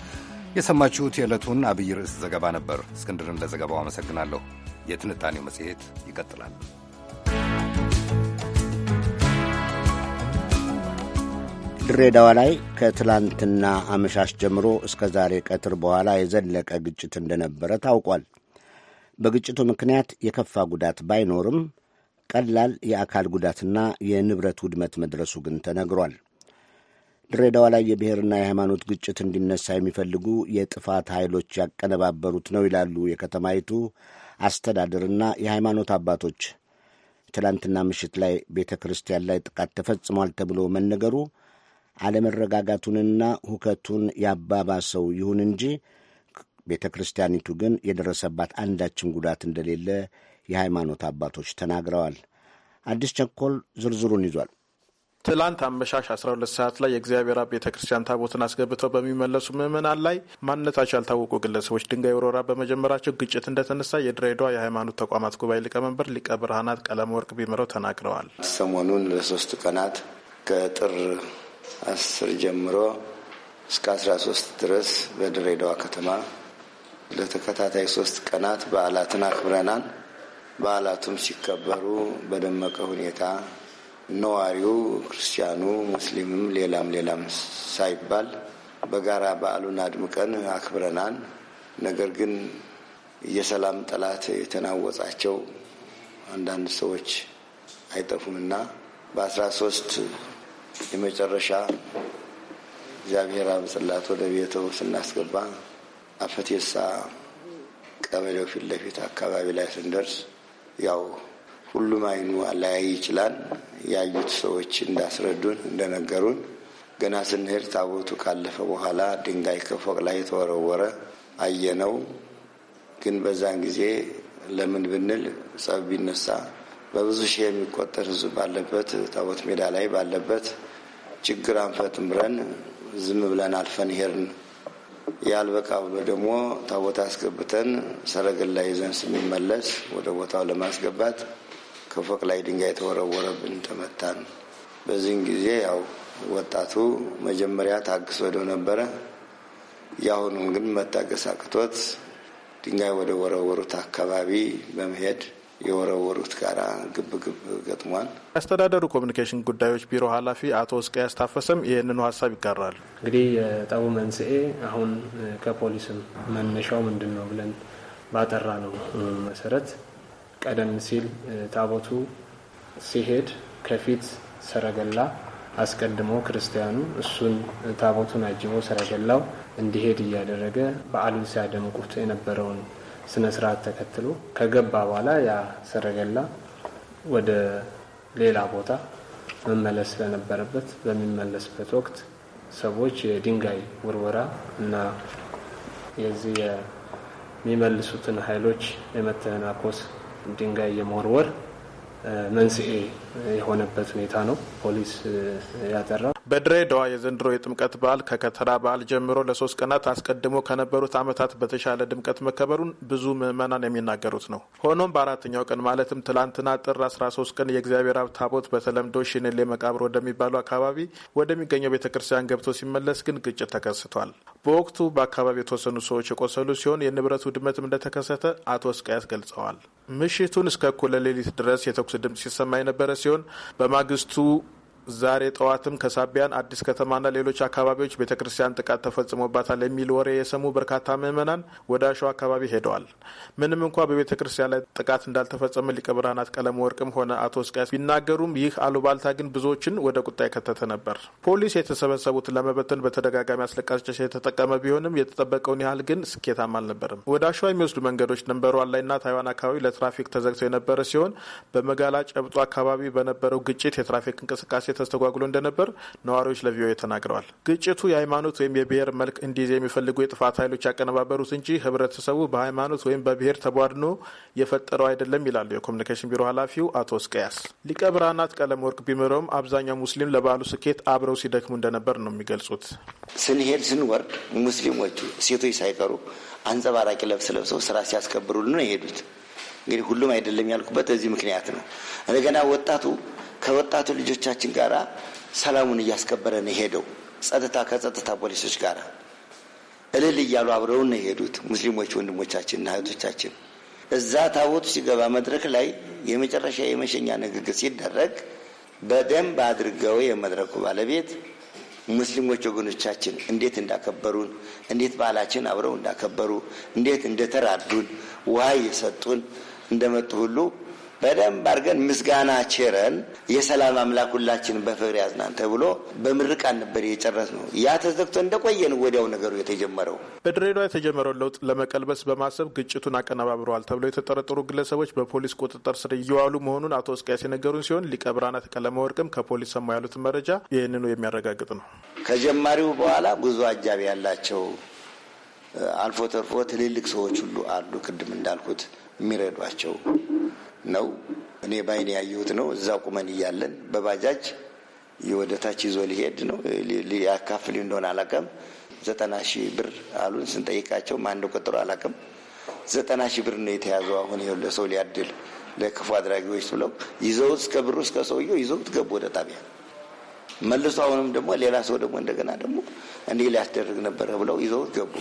የሰማችሁት የዕለቱን አብይ ርዕስ ዘገባ ነበር። እስክንድርን ለዘገባው አመሰግናለሁ። የትንታኔው መጽሔት ይቀጥላል። ድሬዳዋ ላይ ከትላንትና አመሻሽ ጀምሮ እስከ ዛሬ ቀትር በኋላ የዘለቀ ግጭት እንደነበረ ታውቋል። በግጭቱ ምክንያት የከፋ ጉዳት ባይኖርም ቀላል የአካል ጉዳትና የንብረት ውድመት መድረሱ ግን ተነግሯል። ድሬዳዋ ላይ የብሔርና የሃይማኖት ግጭት እንዲነሳ የሚፈልጉ የጥፋት ኃይሎች ያቀነባበሩት ነው ይላሉ የከተማይቱ አስተዳደርና የሃይማኖት አባቶች። ትላንትና ምሽት ላይ ቤተ ክርስቲያን ላይ ጥቃት ተፈጽሟል ተብሎ መነገሩ አለመረጋጋቱንና ሁከቱን ያባባሰው ይሁን እንጂ ቤተ ክርስቲያኒቱ ግን የደረሰባት አንዳችም ጉዳት እንደሌለ የሃይማኖት አባቶች ተናግረዋል። አዲስ ቸኮል ዝርዝሩን ይዟል። ትላንት አመሻሽ 12 ሰዓት ላይ የእግዚአብሔር አብ ቤተ ክርስቲያን ታቦትን አስገብተው በሚመለሱ ምዕመናን ላይ ማንነታቸው ያልታወቁ ግለሰቦች ድንጋይ ወረራ በመጀመራቸው ግጭት እንደተነሳ የድሬዳዋ የሃይማኖት ተቋማት ጉባኤ ሊቀመንበር ሊቀ ብርሃናት ቀለም ወርቅ ቢምረው ተናግረዋል። ሰሞኑን ለሶስት ቀናት ከጥር አስር ጀምሮ እስከ 13 ድረስ በድሬዳዋ ከተማ ለተከታታይ ሶስት ቀናት በዓላትን አክብረናል። በዓላቱም ሲከበሩ በደመቀ ሁኔታ ነዋሪው ክርስቲያኑ፣ ሙስሊምም፣ ሌላም ሌላም ሳይባል በጋራ በዓሉን አድምቀን አክብረናል። ነገር ግን የሰላም ጠላት የተናወጻቸው አንዳንድ ሰዎች አይጠፉምና በአስራ ሶስት የመጨረሻ እግዚአብሔር አብጽላት ወደ ቤተው ስናስገባ አፈቴሳ ቀበሌው ፊት ለፊት አካባቢ ላይ ስንደርስ ያው ሁሉም አይኑ ላያይ ይችላል። ያዩት ሰዎች እንዳስረዱን እንደነገሩን ገና ስንሄድ ታቦቱ ካለፈ በኋላ ድንጋይ ከፎቅ ላይ የተወረወረ አየነው። ግን በዛን ጊዜ ለምን ብንል ጸብ ቢነሳ በብዙ ሺህ የሚቆጠር ሕዝብ ባለበት ታቦት ሜዳ ላይ ባለበት ችግር አንፈትም ብለን ዝም ብለን አልፈን ሄርን። ያልበቃ ብሎ ደግሞ ታቦታ አስገብተን ሰረገላ ይዘን ስንመለስ ወደ ቦታው ለማስገባት ከፎቅ ላይ ድንጋይ ተወረወረብን፣ ተመታን። በዚህን ጊዜ ያው ወጣቱ መጀመሪያ ታግስ ወደ ነበረ የአሁኑም ግን መታገስ አቅቶት ድንጋይ ወደ ወረወሩት አካባቢ በመሄድ የወረወሩት ጋር ግብግብ ገጥሟል። አስተዳደሩ ኮሚኒኬሽን ጉዳዮች ቢሮ ኃላፊ አቶ እስቅያስ ታፈሰም ይህንኑ ሀሳብ ይጋራሉ። እንግዲህ የጠቡ መንስኤ አሁን ከፖሊስም መነሻው ምንድን ነው ብለን ባጠራ ነው መሰረት ቀደም ሲል ታቦቱ ሲሄድ ከፊት ሰረገላ አስቀድሞ ክርስቲያኑ እሱን ታቦቱን አጅቦ ሰረገላው እንዲሄድ እያደረገ በዓሉን ሲያደምቁት የነበረውን ስነ ስርዓት ተከትሎ ከገባ በኋላ ያ ሰረገላ ወደ ሌላ ቦታ መመለስ ስለነበረበት በሚመለስበት ወቅት ሰዎች የድንጋይ ውርወራ እና የዚህ የሚመልሱትን ኃይሎች የመተናኮስ ድንጋይ የመወርወር መንስኤ የሆነበት ሁኔታ ነው ፖሊስ ያጠራው። በድሬዳዋ የዘንድሮ የጥምቀት በዓል ከከተራ በዓል ጀምሮ ለሶስት ቀናት አስቀድሞ ከነበሩት ዓመታት በተሻለ ድምቀት መከበሩን ብዙ ምዕመናን የሚናገሩት ነው። ሆኖም በአራተኛው ቀን ማለትም ትላንትና ጥር 13 ቀን የእግዚአብሔር አብ ታቦት በተለምዶ ሽንሌ መቃብር ወደሚባለው አካባቢ ወደሚገኘው ቤተ ክርስቲያን ገብቶ ሲመለስ ግን ግጭት ተከስቷል። በወቅቱ በአካባቢው የተወሰኑ ሰዎች የቆሰሉ ሲሆን የንብረት ውድመትም እንደተከሰተ አቶ እስቃያስ ገልጸዋል። ምሽቱን እስከ እኩለ ሌሊት ድረስ የተኩስ ድምፅ ሲሰማ የነበረ ሲሆን በማግስቱ ዛሬ ጠዋትም ከሳቢያን አዲስ ከተማና ሌሎች አካባቢዎች ቤተ ክርስቲያን ጥቃት ተፈጽሞባታል የሚል ወሬ የሰሙ በርካታ ምዕመናን ወደ አሸዋ አካባቢ ሄደዋል። ምንም እንኳ በቤተ ክርስቲያን ላይ ጥቃት እንዳልተፈጸመ ሊቀ ብርሃናት ቀለም ወርቅም ሆነ አቶ እስቅያስ ቢናገሩም ይህ አሉባልታ ግን ብዙዎችን ወደ ቁጣ የከተተ ነበር። ፖሊስ የተሰበሰቡት ለመበተን በተደጋጋሚ አስለቃሽ ጭስ የተጠቀመ ቢሆንም የተጠበቀውን ያህል ግን ስኬታማ አልነበርም። ወደ አሸዋ የሚወስዱ መንገዶች ደንበሯን ላይና ታይዋን አካባቢ ለትራፊክ ተዘግተው የነበረ ሲሆን በመጋላ ጨብጦ አካባቢ በነበረው ግጭት የትራፊክ እንቅስቃሴ ተስተጓጉሎ እንደነበር ነዋሪዎች ለቪኦኤ ተናግረዋል። ግጭቱ የሃይማኖት ወይም የብሔር መልክ እንዲይዝ የሚፈልጉ የጥፋት ኃይሎች ያቀነባበሩት እንጂ ህብረተሰቡ በሃይማኖት ወይም በብሔር ተቧድኖ የፈጠረው አይደለም ይላሉ የኮሚኒኬሽን ቢሮ ኃላፊው አቶ እስቀያስ። ሊቀ ብርሃናት ቀለም ወርቅ ቢምረውም አብዛኛው ሙስሊም ለበዓሉ ስኬት አብረው ሲደክሙ እንደነበር ነው የሚገልጹት። ስንሄድ ስንወርድ ሙስሊሞቹ ሴቶች ሳይቀሩ አንጸባራቂ ልብስ ለብሰው ስራ ሲያስከብሩልን የሄዱት እንግዲህ ሁሉም አይደለም ያልኩበት እዚህ ምክንያት ነው። እንደገና ወጣቱ ከወጣቱ ልጆቻችን ጋር ሰላሙን እያስከበረ ነው የሄደው። ጸጥታ ከጸጥታ ፖሊሶች ጋር እልል እያሉ አብረውን ነው የሄዱት ሙስሊሞች ወንድሞቻችንና እህቶቻችን። እዛ ታቦቱ ሲገባ መድረክ ላይ የመጨረሻ የመሸኛ ንግግር ሲደረግ በደንብ አድርገው የመድረኩ ባለቤት ሙስሊሞች ወገኖቻችን እንዴት እንዳከበሩን እንዴት ባህላችን አብረው እንዳከበሩ እንዴት እንደተራዱን ውሃ እየሰጡን እንደመጡ ሁሉ በደንብ አድርገን ምስጋና ቸረን የሰላም አምላክ ሁላችንን በፍቅር ያዝናን ተብሎ በምርቃን ነበር የጨረስ ነው። ያ ተዘግቶ እንደቆየን ወዲያው ነገሩ የተጀመረው በድሬዳዋ የተጀመረውን ለውጥ ለመቀልበስ በማሰብ ግጭቱን አቀነባብረዋል ተብሎ የተጠረጠሩ ግለሰቦች በፖሊስ ቁጥጥር ስር እየዋሉ መሆኑን አቶ እስቅያስ የነገሩን ሲሆን ሊቀ ብርሃናት ቀለመወርቅም ከፖሊስ ሰማ ያሉትን መረጃ ይህንኑ የሚያረጋግጥ ነው። ከጀማሪው በኋላ ብዙ አጃቢ ያላቸው አልፎ ተርፎ ትልልቅ ሰዎች ሁሉ አሉ። ቅድም እንዳልኩት የሚረዷቸው ነው። እኔ ባይን ያየሁት ነው። እዛ ቁመን እያለን በባጃጅ ወደታች ይዞ ሊሄድ ነው ሊያካፍል እንደሆነ አላውቅም። ዘጠና ሺህ ብር አሉን። ስንጠይቃቸው ማን እንደቆጠሩ አላውቅም። ዘጠና ሺህ ብር ነው የተያዘው። አሁን ይኸው ለሰው ሊያድል ለክፉ አድራጊዎች ብለው ይዘውት እስከ ብሩ እስከ ሰውየው ይዘውት ገቡ ወደ ጣቢያ። መልሶ አሁንም ደግሞ ሌላ ሰው ደግሞ እንደገና ደግሞ እንዲህ ሊያስደርግ ነበረ ብለው ይዘውት ገቡ።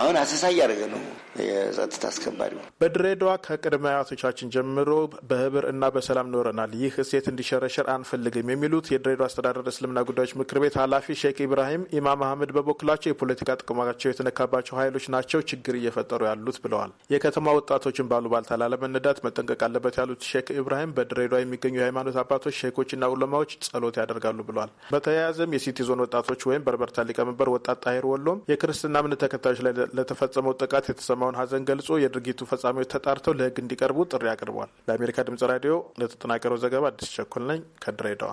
አሁን አሰሳ እያደረገ ነው የጸጥታ አስከባሪ። በድሬዳዋ ከቅድመ አያቶቻችን ጀምሮ በህብር እና በሰላም ኖረናል፣ ይህ እሴት እንዲሸረሸር አንፈልግም የሚሉት የድሬዳዋ አስተዳደር እስልምና ጉዳዮች ምክር ቤት ኃላፊ ሼክ ኢብራሂም ኢማም አህመድ በበኩላቸው የፖለቲካ ጥቅማቸው የተነካባቸው ኃይሎች ናቸው ችግር እየፈጠሩ ያሉት ብለዋል። የከተማ ወጣቶችን ባሉባልታ ላለመነዳት መጠንቀቅ አለበት ያሉት ሼክ ኢብራሂም በድሬዳዋ የሚገኙ የሃይማኖት አባቶች ሼኮችና ዑለማዎች ጸሎት ያደርጋሉ ብለዋል። በተያያዘም የሲቲ ዞን ወጣቶች ወይም በርበርታ ሊቀመንበር ወጣት ጣሄር ወሎም የክርስትና እምነት ተከታዮች ላይ ለተፈጸመው ጥቃት የተሰማውን ሀዘን ገልጾ የድርጊቱ ፈጻሚዎች ተጣርተው ለህግ እንዲቀርቡ ጥሪ አቅርቧል። ለአሜሪካ ድምጽ ራዲዮ ለተጠናቀረው ዘገባ አዲስ ቸኮል ነኝ ከድሬዳዋ።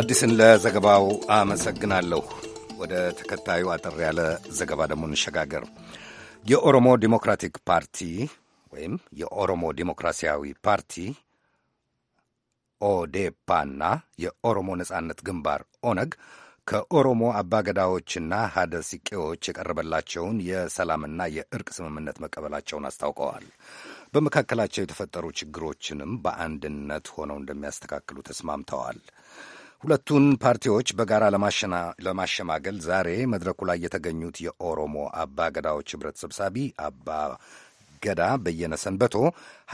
አዲስን ለዘገባው አመሰግናለሁ። ወደ ተከታዩ አጠር ያለ ዘገባ ደግሞ እንሸጋገር። የኦሮሞ ዲሞክራቲክ ፓርቲ ወይም የኦሮሞ ዲሞክራሲያዊ ፓርቲ ኦዴፓና የኦሮሞ ነጻነት ግንባር ኦነግ ከኦሮሞ አባገዳዎችና ሀደ ሲቄዎች የቀረበላቸውን የሰላምና የእርቅ ስምምነት መቀበላቸውን አስታውቀዋል። በመካከላቸው የተፈጠሩ ችግሮችንም በአንድነት ሆነው እንደሚያስተካክሉ ተስማምተዋል። ሁለቱን ፓርቲዎች በጋራ ለማሸማገል ዛሬ መድረኩ ላይ የተገኙት የኦሮሞ አባ ገዳዎች ኅብረት ሰብሳቢ አባ ገዳ በየነ ሰንበቶ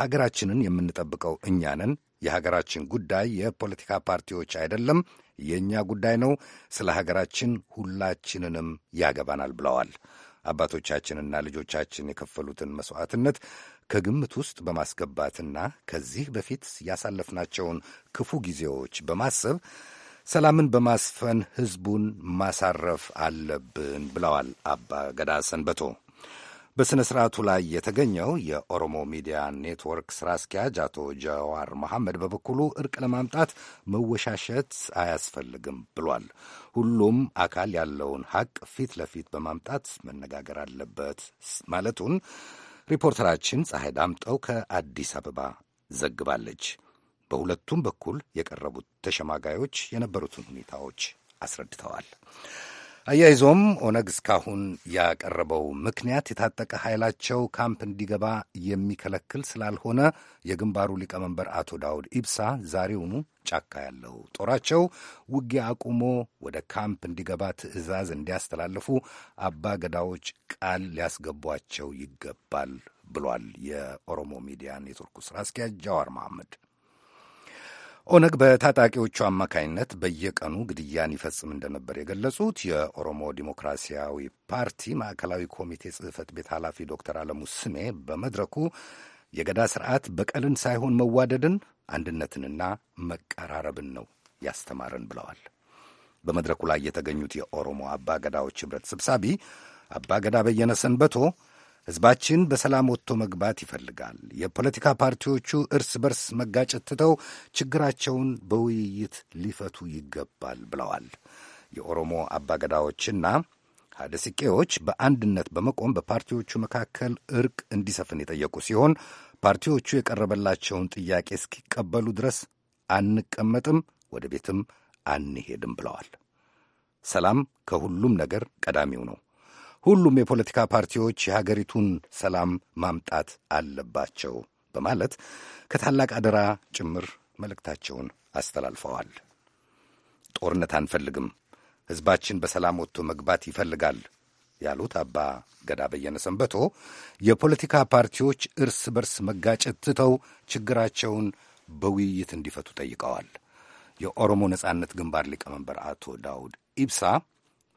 ሀገራችንን የምንጠብቀው እኛንን የሀገራችን ጉዳይ የፖለቲካ ፓርቲዎች አይደለም፣ የእኛ ጉዳይ ነው። ስለ ሀገራችን ሁላችንንም ያገባናል ብለዋል። አባቶቻችንና ልጆቻችን የከፈሉትን መሥዋዕትነት ከግምት ውስጥ በማስገባትና ከዚህ በፊት ያሳለፍናቸውን ክፉ ጊዜዎች በማሰብ ሰላምን በማስፈን ሕዝቡን ማሳረፍ አለብን ብለዋል አባ ገዳ ሰንበቶ። በሥነ ሥርዓቱ ላይ የተገኘው የኦሮሞ ሚዲያ ኔትወርክ ሥራ አስኪያጅ አቶ ጀዋር መሐመድ በበኩሉ እርቅ ለማምጣት መወሻሸት አያስፈልግም ብሏል። ሁሉም አካል ያለውን ሐቅ ፊት ለፊት በማምጣት መነጋገር አለበት ማለቱን ሪፖርተራችን ፀሐይ ዳምጠው ከአዲስ አበባ ዘግባለች። በሁለቱም በኩል የቀረቡት ተሸማጋዮች የነበሩትን ሁኔታዎች አስረድተዋል። አያይዞም ኦነግ እስካሁን ያቀረበው ምክንያት የታጠቀ ኃይላቸው ካምፕ እንዲገባ የሚከለክል ስላልሆነ የግንባሩ ሊቀመንበር አቶ ዳውድ ኢብሳ ዛሬውኑ ጫካ ያለው ጦራቸው ውጊያ አቁሞ ወደ ካምፕ እንዲገባ ትዕዛዝ እንዲያስተላልፉ አባ ገዳዎች ቃል ሊያስገቧቸው ይገባል ብሏል የኦሮሞ ሚዲያን የቱርኩ ስራ አስኪያጅ ጃዋር መሐመድ። ኦነግ በታጣቂዎቹ አማካይነት በየቀኑ ግድያን ይፈጽም እንደነበር የገለጹት የኦሮሞ ዲሞክራሲያዊ ፓርቲ ማዕከላዊ ኮሚቴ ጽህፈት ቤት ኃላፊ ዶክተር አለሙ ስሜ በመድረኩ የገዳ ስርዓት በቀልን ሳይሆን መዋደድን፣ አንድነትንና መቀራረብን ነው ያስተማረን ብለዋል። በመድረኩ ላይ የተገኙት የኦሮሞ አባ ገዳዎች ኅብረት ሰብሳቢ አባ ገዳ በየነ ሰንበቶ ሕዝባችን በሰላም ወጥቶ መግባት ይፈልጋል። የፖለቲካ ፓርቲዎቹ እርስ በርስ መጋጨት ትተው ችግራቸውን በውይይት ሊፈቱ ይገባል ብለዋል። የኦሮሞ አባገዳዎችና ሀደስቄዎች በአንድነት በመቆም በፓርቲዎቹ መካከል እርቅ እንዲሰፍን የጠየቁ ሲሆን ፓርቲዎቹ የቀረበላቸውን ጥያቄ እስኪቀበሉ ድረስ አንቀመጥም፣ ወደ ቤትም አንሄድም ብለዋል። ሰላም ከሁሉም ነገር ቀዳሚው ነው። ሁሉም የፖለቲካ ፓርቲዎች የሀገሪቱን ሰላም ማምጣት አለባቸው በማለት ከታላቅ አደራ ጭምር መልእክታቸውን አስተላልፈዋል። ጦርነት አንፈልግም፣ ሕዝባችን በሰላም ወጥቶ መግባት ይፈልጋል ያሉት አባ ገዳ በየነ ሰንበቶ የፖለቲካ ፓርቲዎች እርስ በርስ መጋጨት ትተው ችግራቸውን በውይይት እንዲፈቱ ጠይቀዋል። የኦሮሞ ነጻነት ግንባር ሊቀመንበር አቶ ዳውድ ኢብሳ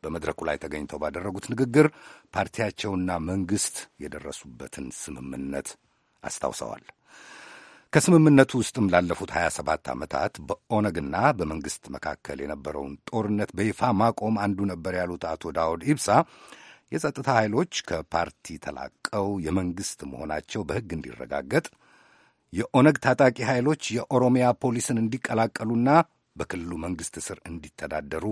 በመድረኩ ላይ ተገኝተው ባደረጉት ንግግር ፓርቲያቸውና መንግሥት የደረሱበትን ስምምነት አስታውሰዋል። ከስምምነቱ ውስጥም ላለፉት 27 ዓመታት በኦነግና በመንግሥት መካከል የነበረውን ጦርነት በይፋ ማቆም አንዱ ነበር ያሉት አቶ ዳውድ ኢብሳ የጸጥታ ኃይሎች ከፓርቲ ተላቀው የመንግሥት መሆናቸው በሕግ እንዲረጋገጥ የኦነግ ታጣቂ ኃይሎች የኦሮሚያ ፖሊስን እንዲቀላቀሉና በክልሉ መንግሥት ስር እንዲተዳደሩ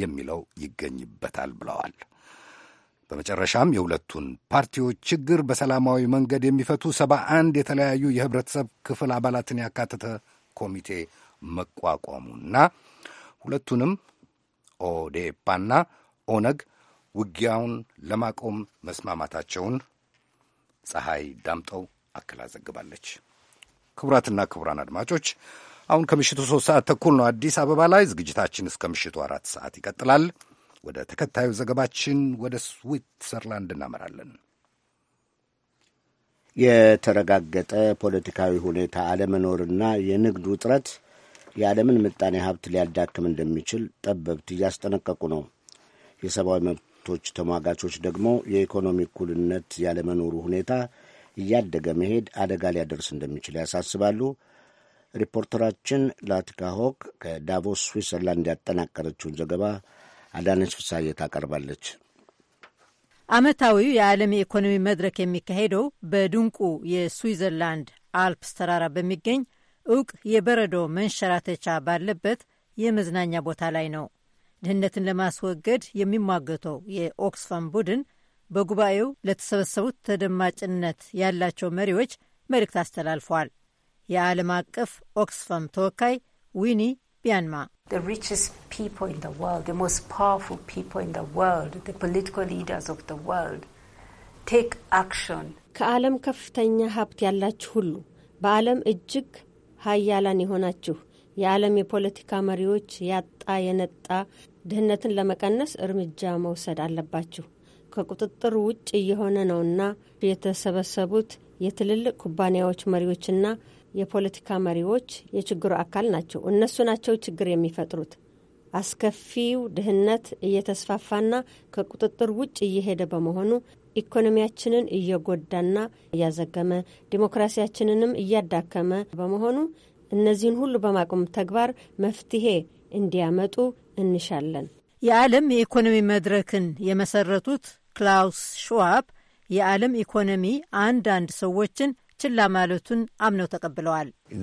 የሚለው ይገኝበታል ብለዋል። በመጨረሻም የሁለቱን ፓርቲዎች ችግር በሰላማዊ መንገድ የሚፈቱ ሰባ አንድ የተለያዩ የህብረተሰብ ክፍል አባላትን ያካተተ ኮሚቴ መቋቋሙና ሁለቱንም ኦዴፓና ኦነግ ውጊያውን ለማቆም መስማማታቸውን ፀሐይ ዳምጠው አክላ ዘግባለች። ክቡራትና ክቡራን አድማጮች አሁን ከምሽቱ ሶስት ሰዓት ተኩል ነው አዲስ አበባ ላይ። ዝግጅታችን እስከ ምሽቱ አራት ሰዓት ይቀጥላል። ወደ ተከታዩ ዘገባችን ወደ ስዊትዘርላንድ እናመራለን። የተረጋገጠ ፖለቲካዊ ሁኔታ አለመኖርና የንግድ ውጥረት የዓለምን ምጣኔ ሀብት ሊያዳክም እንደሚችል ጠበብት እያስጠነቀቁ ነው። የሰብአዊ መብቶች ተሟጋቾች ደግሞ የኢኮኖሚ እኩልነት ያለመኖሩ ሁኔታ እያደገ መሄድ አደጋ ሊያደርስ እንደሚችል ያሳስባሉ። ሪፖርተራችን ላቲካ ሆክ ከዳቮስ ስዊትዘርላንድ ያጠናቀረችውን ዘገባ አዳነች ፍሳዬ ታቀርባለች። ዓመታዊው የዓለም የኢኮኖሚ መድረክ የሚካሄደው በድንቁ የስዊትዘርላንድ አልፕስ ተራራ በሚገኝ እውቅ የበረዶ መንሸራተቻ ባለበት የመዝናኛ ቦታ ላይ ነው። ድህነትን ለማስወገድ የሚሟገተው የኦክስፋም ቡድን በጉባኤው ለተሰበሰቡት ተደማጭነት ያላቸው መሪዎች መልእክት አስተላልፏል። የዓለም አቀፍ ኦክስፋም ተወካይ ዊኒ ቢያንማ ከዓለም ከፍተኛ ሀብት ያላችሁ ሁሉ በዓለም እጅግ ሀያላን የሆናችሁ የዓለም የፖለቲካ መሪዎች ያጣ የነጣ ድህነትን ለመቀነስ እርምጃ መውሰድ አለባችሁ። ከቁጥጥር ውጭ እየሆነ ነውና የተሰበሰቡት የትልልቅ ኩባንያዎች መሪዎችና የፖለቲካ መሪዎች የችግሩ አካል ናቸው። እነሱ ናቸው ችግር የሚፈጥሩት። አስከፊው ድህነት እየተስፋፋና ከቁጥጥር ውጭ እየሄደ በመሆኑ ኢኮኖሚያችንን እየጎዳና እያዘገመ ዲሞክራሲያችንንም እያዳከመ በመሆኑ እነዚህን ሁሉ በማቆም ተግባር መፍትሄ እንዲያመጡ እንሻለን። የዓለም የኢኮኖሚ መድረክን የመሰረቱት ክላውስ ሽዋብ የዓለም ኢኮኖሚ አንዳንድ ሰዎችን ችላ ማለቱን አምነው ተቀብለዋል። uh,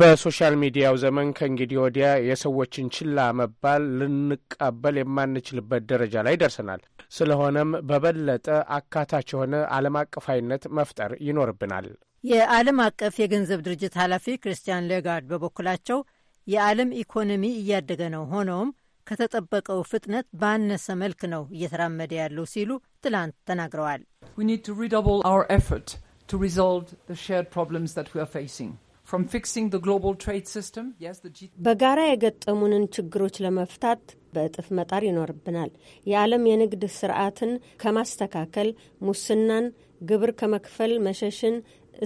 በሶሻል ሚዲያው ዘመን ከእንግዲህ ወዲያ የሰዎችን ችላ መባል ልንቀበል የማንችልበት ደረጃ ላይ ደርሰናል። ስለሆነም በበለጠ አካታች የሆነ ዓለም አቀፋዊነት መፍጠር ይኖርብናል። የዓለም አቀፍ የገንዘብ ድርጅት ኃላፊ ክርስቲያን ሌጋርድ በበኩላቸው የዓለም ኢኮኖሚ እያደገ ነው፣ ሆኖም ከተጠበቀው ፍጥነት ባነሰ መልክ ነው እየተራመደ ያለው ሲሉ ትላንት ተናግረዋል። በጋራ የገጠሙንን ችግሮች ለመፍታት በእጥፍ መጣር ይኖርብናል። የዓለም የንግድ ስርዓትን ከማስተካከል፣ ሙስናን፣ ግብር ከመክፈል መሸሽን፣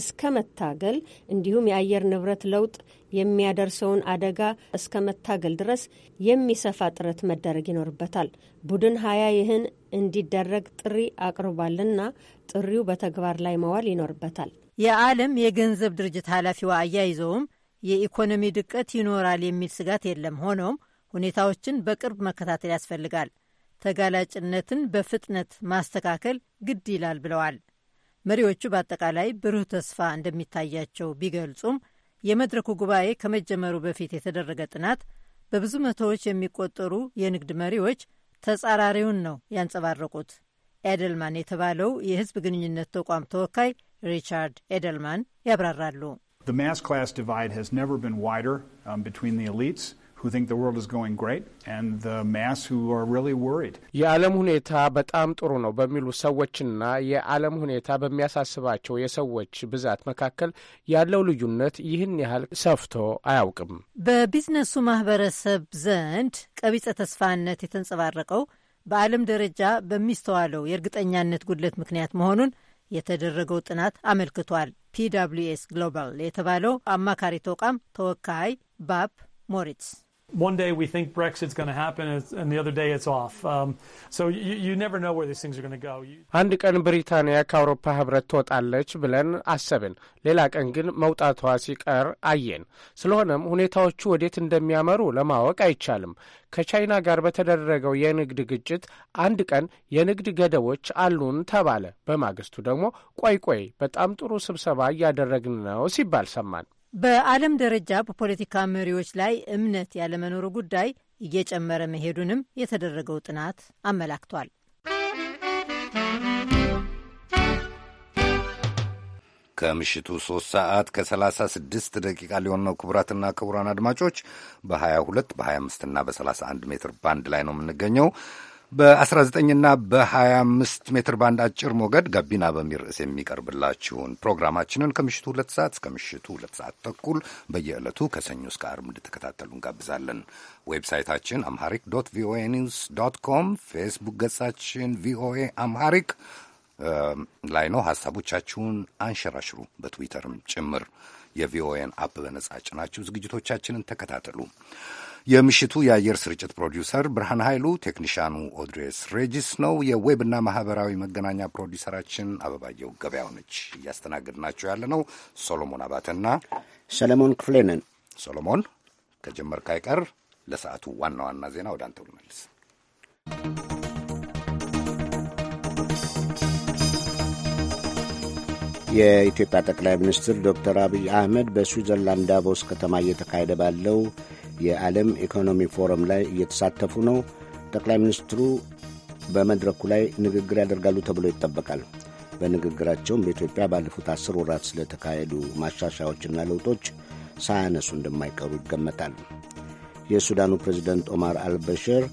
እስከ መታገል እንዲሁም የአየር ንብረት ለውጥ የሚያደርሰውን አደጋ እስከ መታገል ድረስ የሚሰፋ ጥረት መደረግ ይኖርበታል። ቡድን ሀያ ይህን እንዲደረግ ጥሪ አቅርቧልና ጥሪው በተግባር ላይ መዋል ይኖርበታል። የዓለም የገንዘብ ድርጅት ኃላፊዋ አያይዘውም የኢኮኖሚ ድቀት ይኖራል የሚል ስጋት የለም። ሆኖም ሁኔታዎችን በቅርብ መከታተል ያስፈልጋል። ተጋላጭነትን በፍጥነት ማስተካከል ግድ ይላል ብለዋል። መሪዎቹ በአጠቃላይ ብሩህ ተስፋ እንደሚታያቸው ቢገልጹም የመድረኩ ጉባኤ ከመጀመሩ በፊት የተደረገ ጥናት በብዙ መቶዎች የሚቆጠሩ የንግድ መሪዎች ተጻራሪውን ነው ያንጸባረቁት። ኤደልማን የተባለው የህዝብ ግንኙነት ተቋም ተወካይ ሪቻርድ ኤደልማን ያብራራሉ። የዓለም ሁኔታ በጣም ጥሩ ነው በሚሉ ሰዎችና የዓለም ሁኔታ በሚያሳስባቸው የሰዎች ብዛት መካከል ያለው ልዩነት ይህን ያህል ሰፍቶ አያውቅም። በቢዝነሱ ማህበረሰብ ዘንድ ቀቢጸ ተስፋነት የተንጸባረቀው በዓለም ደረጃ በሚስተዋለው የእርግጠኛነት ጉድለት ምክንያት መሆኑን የተደረገው ጥናት አመልክቷል። ፒ ደብልዩ ኤስ ግሎባል የተባለው አማካሪ ተቋም ተወካይ ባፕ ሞሪትስ one day we think Brexit's going to happen and the other day it's off. Um, so you, you never know where these things are going to go. አንድ ቀን ብሪታንያ ከአውሮፓ ህብረት ትወጣለች ብለን አሰብን፣ ሌላ ቀን ግን መውጣቷ ሲቀር አየን። ስለሆነም ሁኔታዎቹ ወዴት እንደሚያመሩ ለማወቅ አይቻልም። ከቻይና ጋር በተደረገው የንግድ ግጭት አንድ ቀን የንግድ ገደቦች አሉን ተባለ፣ በማግስቱ ደግሞ ቆይ ቆይ በጣም ጥሩ ስብሰባ እያደረግን ነው ሲባል ሰማን። በዓለም ደረጃ በፖለቲካ መሪዎች ላይ እምነት ያለመኖሩ ጉዳይ እየጨመረ መሄዱንም የተደረገው ጥናት አመላክቷል። ከምሽቱ 3 ሰዓት ከ36 ደቂቃ ሊሆን ነው። ክቡራትና ክቡራን አድማጮች በ22 በ25ና በ31 ሜትር ባንድ ላይ ነው የምንገኘው። በ19ና በ25 ሜትር ባንድ አጭር ሞገድ ጋቢና በሚል ርዕስ የሚቀርብላችሁን ፕሮግራማችንን ከምሽቱ ሁለት ሰዓት እስከ ምሽቱ ሁለት ሰዓት ተኩል በየዕለቱ ከሰኞ እስከ አርብ እንድትከታተሉ እንጋብዛለን። ዌብሳይታችን አምሃሪክ ዶት ቪኦኤ ኒውስ ዶት ኮም፣ ፌስቡክ ገጻችን ቪኦኤ አምሃሪክ ላይ ነው። ሐሳቦቻችሁን አንሸራሽሩ፣ በትዊተርም ጭምር የቪኦኤን አፕ በነጻ ጭናችሁ ዝግጅቶቻችንን ተከታተሉ። የምሽቱ የአየር ስርጭት ፕሮዲውሰር ብርሃን ኃይሉ፣ ቴክኒሽያኑ ኦድሬስ ሬጂስ ነው። የዌብና ማህበራዊ መገናኛ ፕሮዲውሰራችን አበባየው ገበያው ነች። እያስተናገድናቸው ያለ ነው ሶሎሞን አባተና ሰለሞን ክፍሌ ነን። ሶሎሞን ከጀመር ካይቀር ለሰዓቱ ዋና ዋና ዜና ወደ አንተው ልመልስ። የኢትዮጵያ ጠቅላይ ሚኒስትር ዶክተር አብይ አህመድ በስዊዘርላንድ ዳቮስ ከተማ እየተካሄደ ባለው የዓለም ኢኮኖሚ ፎረም ላይ እየተሳተፉ ነው። ጠቅላይ ሚኒስትሩ በመድረኩ ላይ ንግግር ያደርጋሉ ተብሎ ይጠበቃል። በንግግራቸውም በኢትዮጵያ ባለፉት አስር ወራት ስለተካሄዱ ማሻሻያዎችና ለውጦች ሳያነሱ እንደማይቀሩ ይገመታል። የሱዳኑ ፕሬዝደንት ኦማር አልበሽር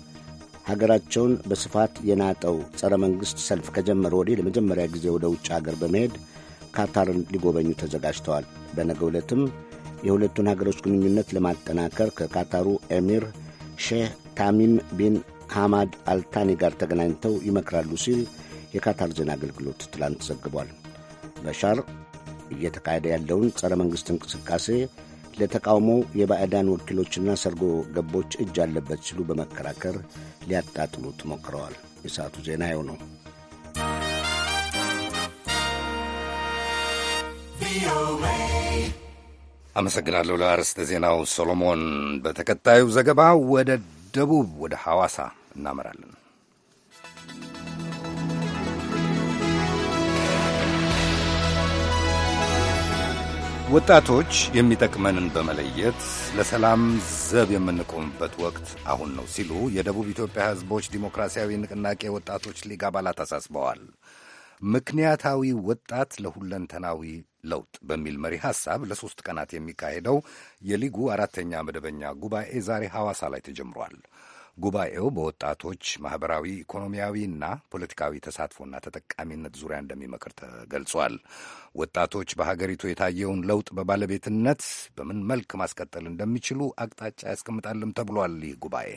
ሀገራቸውን በስፋት የናጠው ጸረ መንግሥት ሰልፍ ከጀመረ ወዲህ ለመጀመሪያ ጊዜ ወደ ውጭ ሀገር በመሄድ ካታርን ሊጎበኙ ተዘጋጅተዋል። በነገው ዕለትም የሁለቱን ሀገሮች ግንኙነት ለማጠናከር ከካታሩ ኤሚር ሼህ ታሚም ቢን ሐማድ አልታኒ ጋር ተገናኝተው ይመክራሉ ሲል የካታር ዜና አገልግሎት ትላንት ዘግቧል። በሻር እየተካሄደ ያለውን ጸረ መንግሥት እንቅስቃሴ ለተቃውሞው የባዕዳን ወኪሎችና ሰርጎ ገቦች እጅ አለበት ሲሉ በመከራከር ሊያጣጥሉት ሞክረዋል። የሰዓቱ ዜና ይኸው ነው። ቪኦኤ አመሰግናለሁ ለአርዕስተ ዜናው ሶሎሞን። በተከታዩ ዘገባ ወደ ደቡብ ወደ ሐዋሳ እናመራለን። ወጣቶች የሚጠቅመንን በመለየት ለሰላም ዘብ የምንቆምበት ወቅት አሁን ነው ሲሉ የደቡብ ኢትዮጵያ ሕዝቦች ዲሞክራሲያዊ ንቅናቄ ወጣቶች ሊግ አባላት አሳስበዋል። ምክንያታዊ ወጣት ለሁለንተናዊ ለውጥ በሚል መሪ ሐሳብ ለሦስት ቀናት የሚካሄደው የሊጉ አራተኛ መደበኛ ጉባኤ ዛሬ ሐዋሳ ላይ ተጀምሯል። ጉባኤው በወጣቶች ማኅበራዊ፣ ኢኮኖሚያዊና ፖለቲካዊ ተሳትፎና ተጠቃሚነት ዙሪያ እንደሚመክር ተገልጿል። ወጣቶች በሀገሪቱ የታየውን ለውጥ በባለቤትነት በምን መልክ ማስቀጠል እንደሚችሉ አቅጣጫ ያስቀምጣልም ተብሏል። ይህ ጉባኤ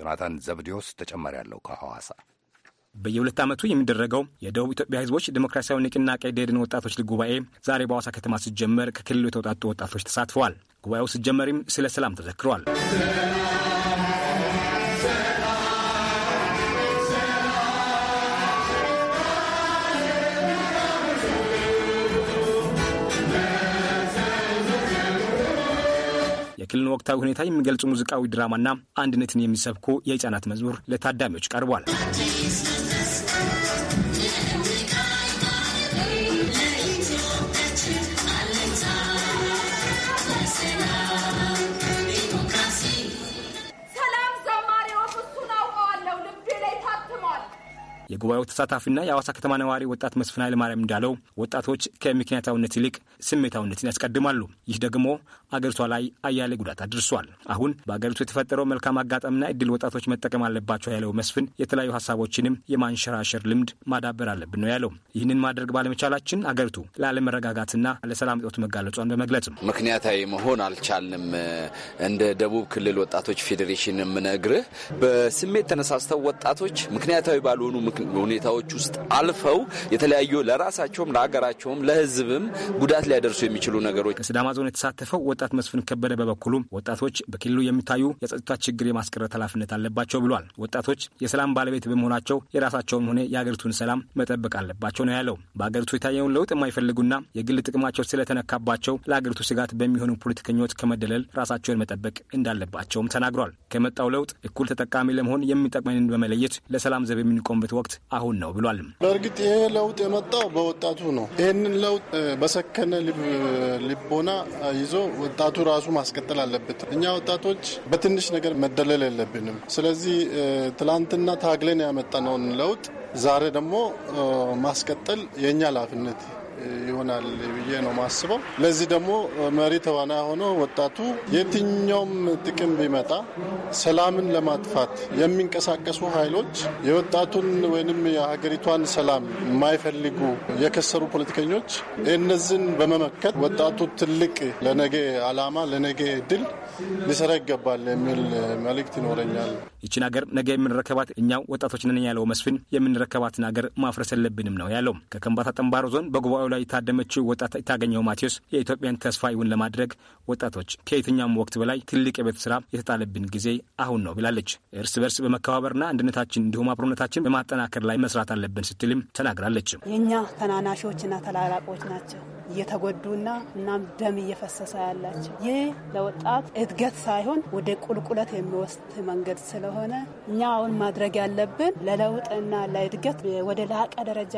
ዮናታን ዘብዲዮስ ተጨማሪ አለው ከሐዋሳ በየሁለት ዓመቱ የሚደረገው የደቡብ ኢትዮጵያ ዲሞክራሲያዊ ዴሞክራሲያዊ ንቅናቄ ደኢህዴን ወጣቶች ጉባኤ ዛሬ በአዋሳ ከተማ ሲጀመር ከክልሉ የተውጣጡ ወጣቶች ተሳትፈዋል። ጉባኤው ሲጀመርም ስለ ሰላም ተዘክሯል። የክልሉን ወቅታዊ ሁኔታ የሚገልጹ ሙዚቃዊ ድራማና አንድነትን የሚሰብኩ የህጻናት መዝሙር ለታዳሚዎች ቀርቧል። የጉባኤው ተሳታፊና የአዋሳ ከተማ ነዋሪ ወጣት መስፍን ኃይለማርያም እንዳለው ወጣቶች ከምክንያታዊነት ይልቅ ስሜታዊነትን ያስቀድማሉ። ይህ ደግሞ አገሪቷ ላይ አያሌ ጉዳት አድርሷል። አሁን በአገሪቱ የተፈጠረው መልካም አጋጣሚና እድል ወጣቶች መጠቀም አለባቸው ያለው መስፍን የተለያዩ ሀሳቦችንም የማንሸራሸር ልምድ ማዳበር አለብን ነው ያለው። ይህንን ማድረግ ባለመቻላችን አገሪቱ ለአለመረጋጋትና ለሰላም እጦት መጋለጿን በመግለጽም ምክንያታዊ መሆን አልቻልንም። እንደ ደቡብ ክልል ወጣቶች ፌዴሬሽን የምነግርህ በስሜት ተነሳስተው ወጣቶች ምክንያታዊ ባልሆኑ ሁኔታዎች ውስጥ አልፈው የተለያዩ ለራሳቸውም ለሀገራቸውም ለህዝብም ጉዳት ሊያደርሱ የሚችሉ ነገሮች ከሲዳማ ዞን የተሳተፈው ወጣት መስፍን ከበደ በበኩሉ ወጣቶች በክልሉ የሚታዩ የጸጥታ ችግር የማስቀረት ኃላፊነት አለባቸው ብሏል። ወጣቶች የሰላም ባለቤት በመሆናቸው የራሳቸውም ሆነ የሀገሪቱን ሰላም መጠበቅ አለባቸው ነው ያለው። በሀገሪቱ የታየውን ለውጥ የማይፈልጉና የግል ጥቅማቸው ስለተነካባቸው ለሀገሪቱ ስጋት በሚሆኑ ፖለቲከኞች ከመደለል ራሳቸውን መጠበቅ እንዳለባቸውም ተናግሯል። ከመጣው ለውጥ እኩል ተጠቃሚ ለመሆን የሚጠቅመንን በመለየት ለሰላም ዘብ የምንቆምበት ወቅት ወቅት አሁን ነው ብሏል። በእርግጥ ይሄ ለውጥ የመጣው በወጣቱ ነው። ይህንን ለውጥ በሰከነ ልቦና ይዞ ወጣቱ ራሱ ማስቀጠል አለበት። እኛ ወጣቶች በትንሽ ነገር መደለል የለብንም። ስለዚህ ትላንትና ታግለን ያመጣነውን ለውጥ ዛሬ ደግሞ ማስቀጠል የእኛ ኃላፊነት ይሆናል ብዬ ነው ማስበው። ለዚህ ደግሞ መሪ ተዋና ሆኖ ወጣቱ የትኛውም ጥቅም ቢመጣ ሰላምን ለማጥፋት የሚንቀሳቀሱ ኃይሎች የወጣቱን ወይንም የሀገሪቷን ሰላም የማይፈልጉ የከሰሩ ፖለቲከኞች እነዚህን በመመከት ወጣቱ ትልቅ ለነገ አላማ ለነገ ድል ሊሰራ ይገባል የሚል መልእክት ይኖረኛል። ይችን ሀገር ነገ የምንረከባት እኛው ወጣቶች ነን ያለው መስፍን የምንረከባትን ሀገር ማፍረስ የለብንም ነው ያለው። ከከምባታ ጠንባሮ ዞን በጉባኤ በስብሰባው ላይ የታደመችው ወጣት የታገኘው ማቴዎስ የኢትዮጵያን ተስፋ ይሁን ለማድረግ ወጣቶች ከየትኛውም ወቅት በላይ ትልቅ የቤት ስራ የተጣለብን ጊዜ አሁን ነው ብላለች። እርስ በርስ በመከባበርና አንድነታችን እንዲሁም አብሮነታችን በማጠናከር ላይ መስራት አለብን ስትልም ተናግራለች። የእኛ ተናናሾችና ተላላቆች ናቸው እየተጎዱና እናም ደም እየፈሰሰ ያላቸው ይህ ለወጣት እድገት ሳይሆን ወደ ቁልቁለት የሚወስድ መንገድ ስለሆነ እኛ አሁን ማድረግ ያለብን ለለውጥና ለእድገት ወደ ላቀ ደረጃ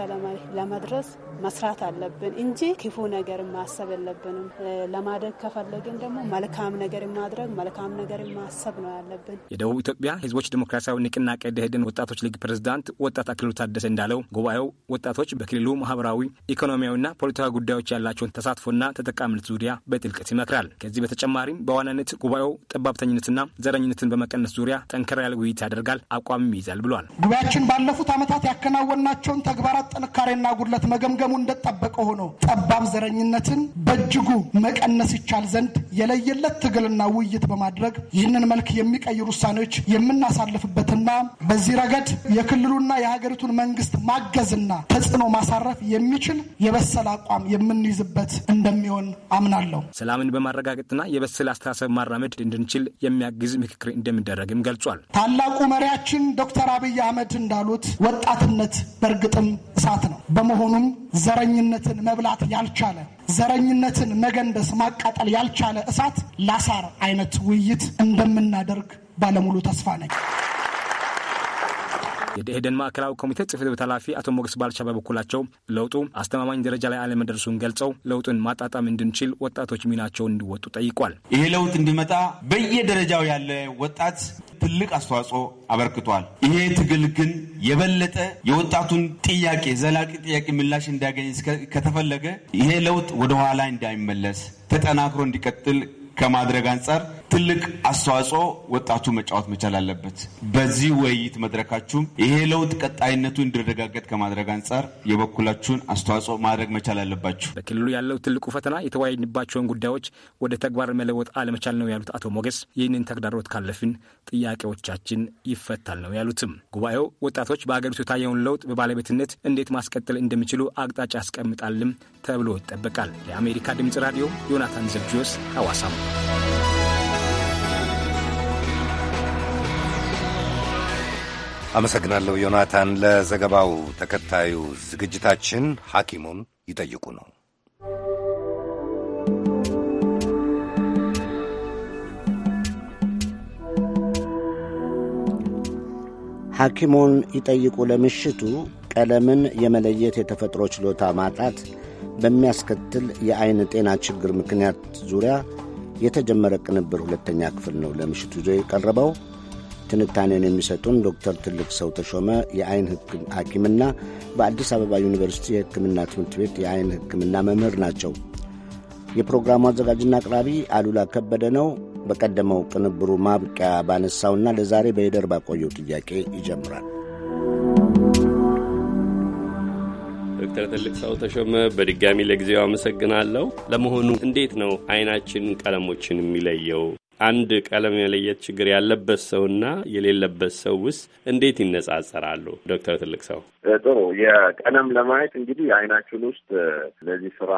ለመድረስ መስራት አለብን እንጂ ክፉ ነገር ማሰብ የለብንም። ለማደግ ከፈለግን ደግሞ መልካም ነገር ማድረግ መልካም ነገር ማሰብ ነው ያለብን። የደቡብ ኢትዮጵያ ሕዝቦች ዲሞክራሲያዊ ንቅናቄ ደኢህዴን ወጣቶች ሊግ ፕሬዝዳንት ወጣት አክሊሉ ታደሰ እንዳለው ጉባኤው ወጣቶች በክልሉ ማህበራዊ ኢኮኖሚያዊና ፖለቲካዊ ጉዳዮች ያላቸውን ተሳትፎና ተጠቃሚነት ዙሪያ በጥልቀት ይመክራል። ከዚህ በተጨማሪም በዋናነት ጉባኤው ጠባብተኝነትና ዘረኝነትን በመቀነስ ዙሪያ ጠንከር ያለ ውይይት ያደርጋል፣ አቋምም ይይዛል ብሏል። ጉባኤያችን ባለፉት ዓመታት ያከናወናቸውን ተግባራት ጥንካሬና ጉድለት መገምገሙ እንደጠበቀ ሆኖ ጠባብ ዘረኝነትን በእጅጉ መቀነስ ይቻል ዘንድ የለየለት ትግልና ውይይት በማድረግ ይህንን መልክ የሚቀይሩ ውሳኔዎች የምናሳልፍበትና በዚህ ረገድ የክልሉና የሀገሪቱን መንግስት ማገዝና ተጽዕኖ ማሳረፍ የሚችል የበሰለ አቋም የምን የምንይዝበት እንደሚሆን አምናለሁ። ሰላምን በማረጋገጥና የበሰለ አስተሳሰብ ማራመድ እንድንችል የሚያግዝ ምክክር እንደሚደረግም ገልጿል። ታላቁ መሪያችን ዶክተር አብይ አህመድ እንዳሉት ወጣትነት በእርግጥም እሳት ነው። በመሆኑም ዘረኝነትን መብላት ያልቻለ ዘረኝነትን መገንደስ፣ ማቃጠል ያልቻለ እሳት ላሳር አይነት ውይይት እንደምናደርግ ባለሙሉ ተስፋ ነኝ። የደኢህዴን ማዕከላዊ ኮሚቴ ጽሕፈት ቤት ኃላፊ አቶ ሞገስ ባልቻ በበኩላቸው ለውጡ አስተማማኝ ደረጃ ላይ አለመደረሱን ገልጸው ለውጡን ማጣጣም እንድንችል ወጣቶች ሚናቸውን እንዲወጡ ጠይቋል። ይሄ ለውጥ እንዲመጣ በየደረጃው ያለ ወጣት ትልቅ አስተዋጽኦ አበርክቷል። ይሄ ትግል ግን የበለጠ የወጣቱን ጥያቄ ዘላቂ ጥያቄ ምላሽ እንዲያገኝ ከተፈለገ ይሄ ለውጥ ወደኋላ እንዳይመለስ ተጠናክሮ እንዲቀጥል ከማድረግ አንጻር ትልቅ አስተዋጽኦ ወጣቱ መጫወት መቻል አለበት። በዚህ ውይይት መድረካችሁም ይሄ ለውጥ ቀጣይነቱ እንዲረጋገጥ ከማድረግ አንጻር የበኩላችሁን አስተዋጽኦ ማድረግ መቻል አለባችሁ። በክልሉ ያለው ትልቁ ፈተና የተወያይንባቸውን ጉዳዮች ወደ ተግባር መለወጥ አለመቻል ነው ያሉት አቶ ሞገስ ይህንን ተግዳሮት ካለፍን ጥያቄዎቻችን ይፈታል ነው ያሉትም። ጉባኤው ወጣቶች በአገሪቱ የታየውን ለውጥ በባለቤትነት እንዴት ማስቀጠል እንደሚችሉ አቅጣጫ ያስቀምጣልም ተብሎ ይጠበቃል። የአሜሪካ ድምጽ ራዲዮ ዮናታን ዘብጆስ ሐዋሳም አመሰግናለሁ ዮናታን ለዘገባው። ተከታዩ ዝግጅታችን ሐኪሙን ይጠይቁ ነው። ሐኪሙን ይጠይቁ ለምሽቱ ቀለምን የመለየት የተፈጥሮ ችሎታ ማጣት በሚያስከትል የአይን ጤና ችግር ምክንያት ዙሪያ የተጀመረ ቅንብር ሁለተኛ ክፍል ነው ለምሽቱ ይዞ የቀረበው። ትንታኔን የሚሰጡን ዶክተር ትልቅ ሰው ተሾመ የአይን ሐኪምና በአዲስ አበባ ዩኒቨርሲቲ የሕክምና ትምህርት ቤት የአይን ሕክምና መምህር ናቸው። የፕሮግራሙ አዘጋጅና አቅራቢ አሉላ ከበደ ነው። በቀደመው ቅንብሩ ማብቂያ ባነሳውና ለዛሬ በሂደር ባቆየው ጥያቄ ይጀምራል። ዶክተር ትልቅ ሰው ተሾመ በድጋሚ ለጊዜው አመሰግናለሁ። ለመሆኑ እንዴት ነው አይናችን ቀለሞችን የሚለየው? አንድ ቀለም የመለየት ችግር ያለበት ሰውና የሌለበት ሰው ውስጥ እንዴት ይነጻጸራሉ? ዶክተር ትልቅ ሰው ጥሩ። የቀለም ለማየት እንግዲህ አይናችን ውስጥ ለዚህ ስራ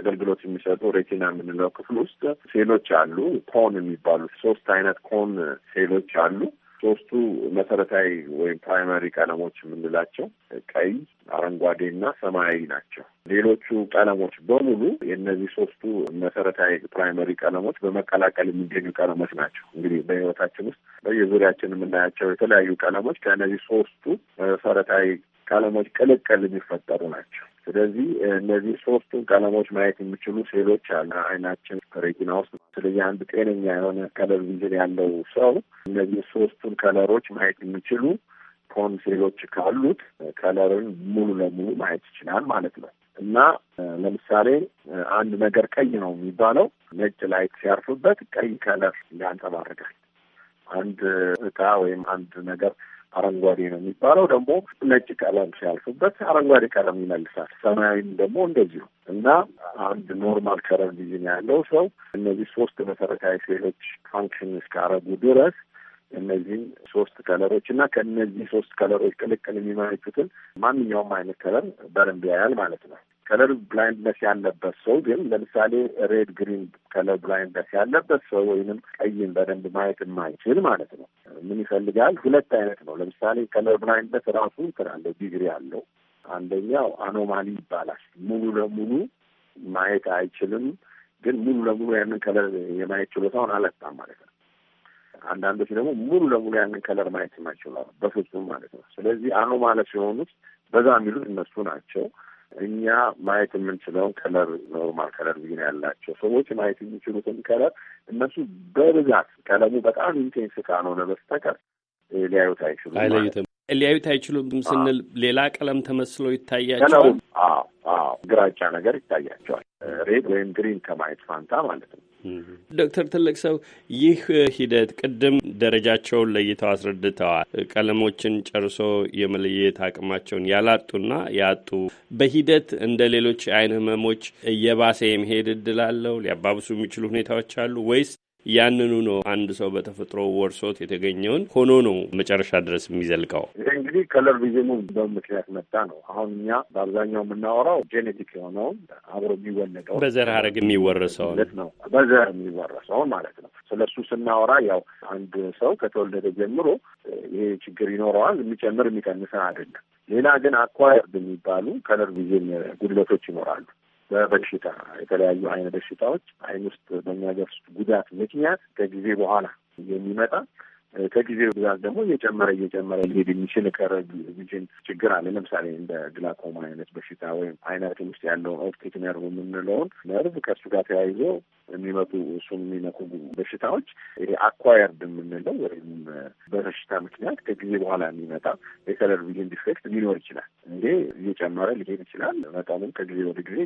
አገልግሎት የሚሰጡ ሬቲና የምንለው ክፍል ውስጥ ሴሎች አሉ። ኮን የሚባሉ ሶስት አይነት ኮን ሴሎች አሉ። ሶስቱ መሰረታዊ ወይም ፕራይማሪ ቀለሞች የምንላቸው ቀይ፣ አረንጓዴ እና ሰማያዊ ናቸው። ሌሎቹ ቀለሞች በሙሉ የእነዚህ ሶስቱ መሰረታዊ ፕራይመሪ ቀለሞች በመቀላቀል የሚገኙ ቀለሞች ናቸው። እንግዲህ በህይወታችን ውስጥ በየዙሪያችን የምናያቸው የተለያዩ ቀለሞች ከእነዚህ ሶስቱ መሰረታዊ ቀለሞች ቅልቅል የሚፈጠሩ ናቸው። ስለዚህ እነዚህ ሶስቱን ቀለሞች ማየት የሚችሉ ሴሎች አሉ አይናችን ሬቲና ውስጥ። ስለዚህ አንድ ጤነኛ የሆነ ከለር ቪዥን ያለው ሰው እነዚህ ሶስቱን ከለሮች ማየት የሚችሉ ኮን ሴሎች ካሉት ከለርን ሙሉ ለሙሉ ማየት ይችላል ማለት ነው። እና ለምሳሌ አንድ ነገር ቀይ ነው የሚባለው ነጭ ላይት ሲያርፍበት ቀይ ከለር ያንጸባርቃል። አንድ እቃ ወይም አንድ ነገር አረንጓዴ ነው የሚባለው ደግሞ ነጭ ቀለም ሲያልፍበት አረንጓዴ ቀለም ይመልሳል። ሰማያዊም ደግሞ እንደዚሁ እና አንድ ኖርማል ከለር ቪዥን ያለው ሰው እነዚህ ሶስት መሰረታዊ ሴሎች ፋንክሽን እስካረጉ ድረስ እነዚህም ሶስት ከለሮች እና ከእነዚህ ሶስት ከለሮች ቅልቅል የሚመለክትን ማንኛውም አይነት ከለር በደንብ ያያል ማለት ነው። ከለር ብላይንድነስ ያለበት ሰው ግን ለምሳሌ ሬድ ግሪን ከለር ብላይንድነስ ያለበት ሰው ወይንም ቀይን በደንብ ማየት የማይችል ማለት ነው። ምን ይፈልጋል? ሁለት አይነት ነው። ለምሳሌ ከለር ብላይንድነስ ራሱ እንትን አለው፣ ዲግሪ አለው። አንደኛው አኖማሊ ይባላል። ሙሉ ለሙሉ ማየት አይችልም፣ ግን ሙሉ ለሙሉ ያንን ከለር የማየት ችሎታውን አለጣም ማለት ነው። አንዳንዶች ደግሞ ሙሉ ለሙሉ ያንን ከለር ማየት የማይችሉ በፍጹም ማለት ነው። ስለዚህ አኖማለ ሲሆኑት በዛ የሚሉት እነሱ ናቸው። እኛ ማየት የምንችለውን ከለር ኖርማል ከለር ቪዥን ያላቸው ሰዎች ማየት የሚችሉትን ከለር እነሱ በብዛት ቀለሙ በጣም ኢንቴንስ ካልሆነ በስተቀር ሊያዩት አይችሉም። አይለዩትም። ሊያዩት አይችሉም ስንል ሌላ ቀለም ተመስሎ ይታያቸዋል። አዎ፣ አዎ ግራጫ ነገር ይታያቸዋል። ሬድ ወይም ግሪን ከማየት ፋንታ ማለት ነው። ዶክተር ትልቅ ሰው ይህ ሂደት ቅድም ደረጃቸውን ለይተው አስረድተዋል። ቀለሞችን ጨርሶ የመለየት አቅማቸውን ያላጡና ያጡ በሂደት እንደ ሌሎች አይን ህመሞች እየባሰ የመሄድ እድል አለው። ሊያባብሱ የሚችሉ ሁኔታዎች አሉ ወይስ ያንኑ ነው አንድ ሰው በተፈጥሮ ወርሶት የተገኘውን ሆኖ ነው መጨረሻ ድረስ የሚዘልቀው። ይህ እንግዲህ ከለር ቪዥኑ በምክንያት መጣ ነው። አሁን እኛ በአብዛኛው የምናወራው ጄኔቲክ የሆነውን አብሮ የሚወለደው በዘር ሀረግ የሚወረሰውን ነው፣ በዘር የሚወረሰውን ማለት ነው። ስለሱ ስናወራ ያው አንድ ሰው ከተወለደ ጀምሮ ይሄ ችግር ይኖረዋል። የሚጨምር የሚቀንስ አይደለም። ሌላ ግን አኳየርድ የሚባሉ ከለር ቪዥን ጉድለቶች ይኖራሉ። በበሽታ የተለያዩ አይነ በሽታዎች አይን ውስጥ በሚያደርሱት ጉዳት ምክንያት ከጊዜ በኋላ የሚመጣ ከጊዜ ብዛት ደግሞ እየጨመረ እየጨመረ ሊሄድ የሚችል ከረ ቪዥን ችግር አለ። ለምሳሌ እንደ ግላኮማ አይነት በሽታ ወይም አይናችን ውስጥ ያለውን ኦፕቲክ ነርቭ የምንለውን ነርቭ ከእሱ ጋር ተያይዞ የሚመጡ እሱን የሚነኩ በሽታዎች ይሄ አኳየርድ የምንለው ወይም በበሽታ ምክንያት ከጊዜ በኋላ የሚመጣ የከለር ቪዥን ዲፌክት ሊኖር ይችላል። እንዴ እየጨመረ ሊሄድ ይችላል። መጠኑም ከጊዜ ወደ ጊዜ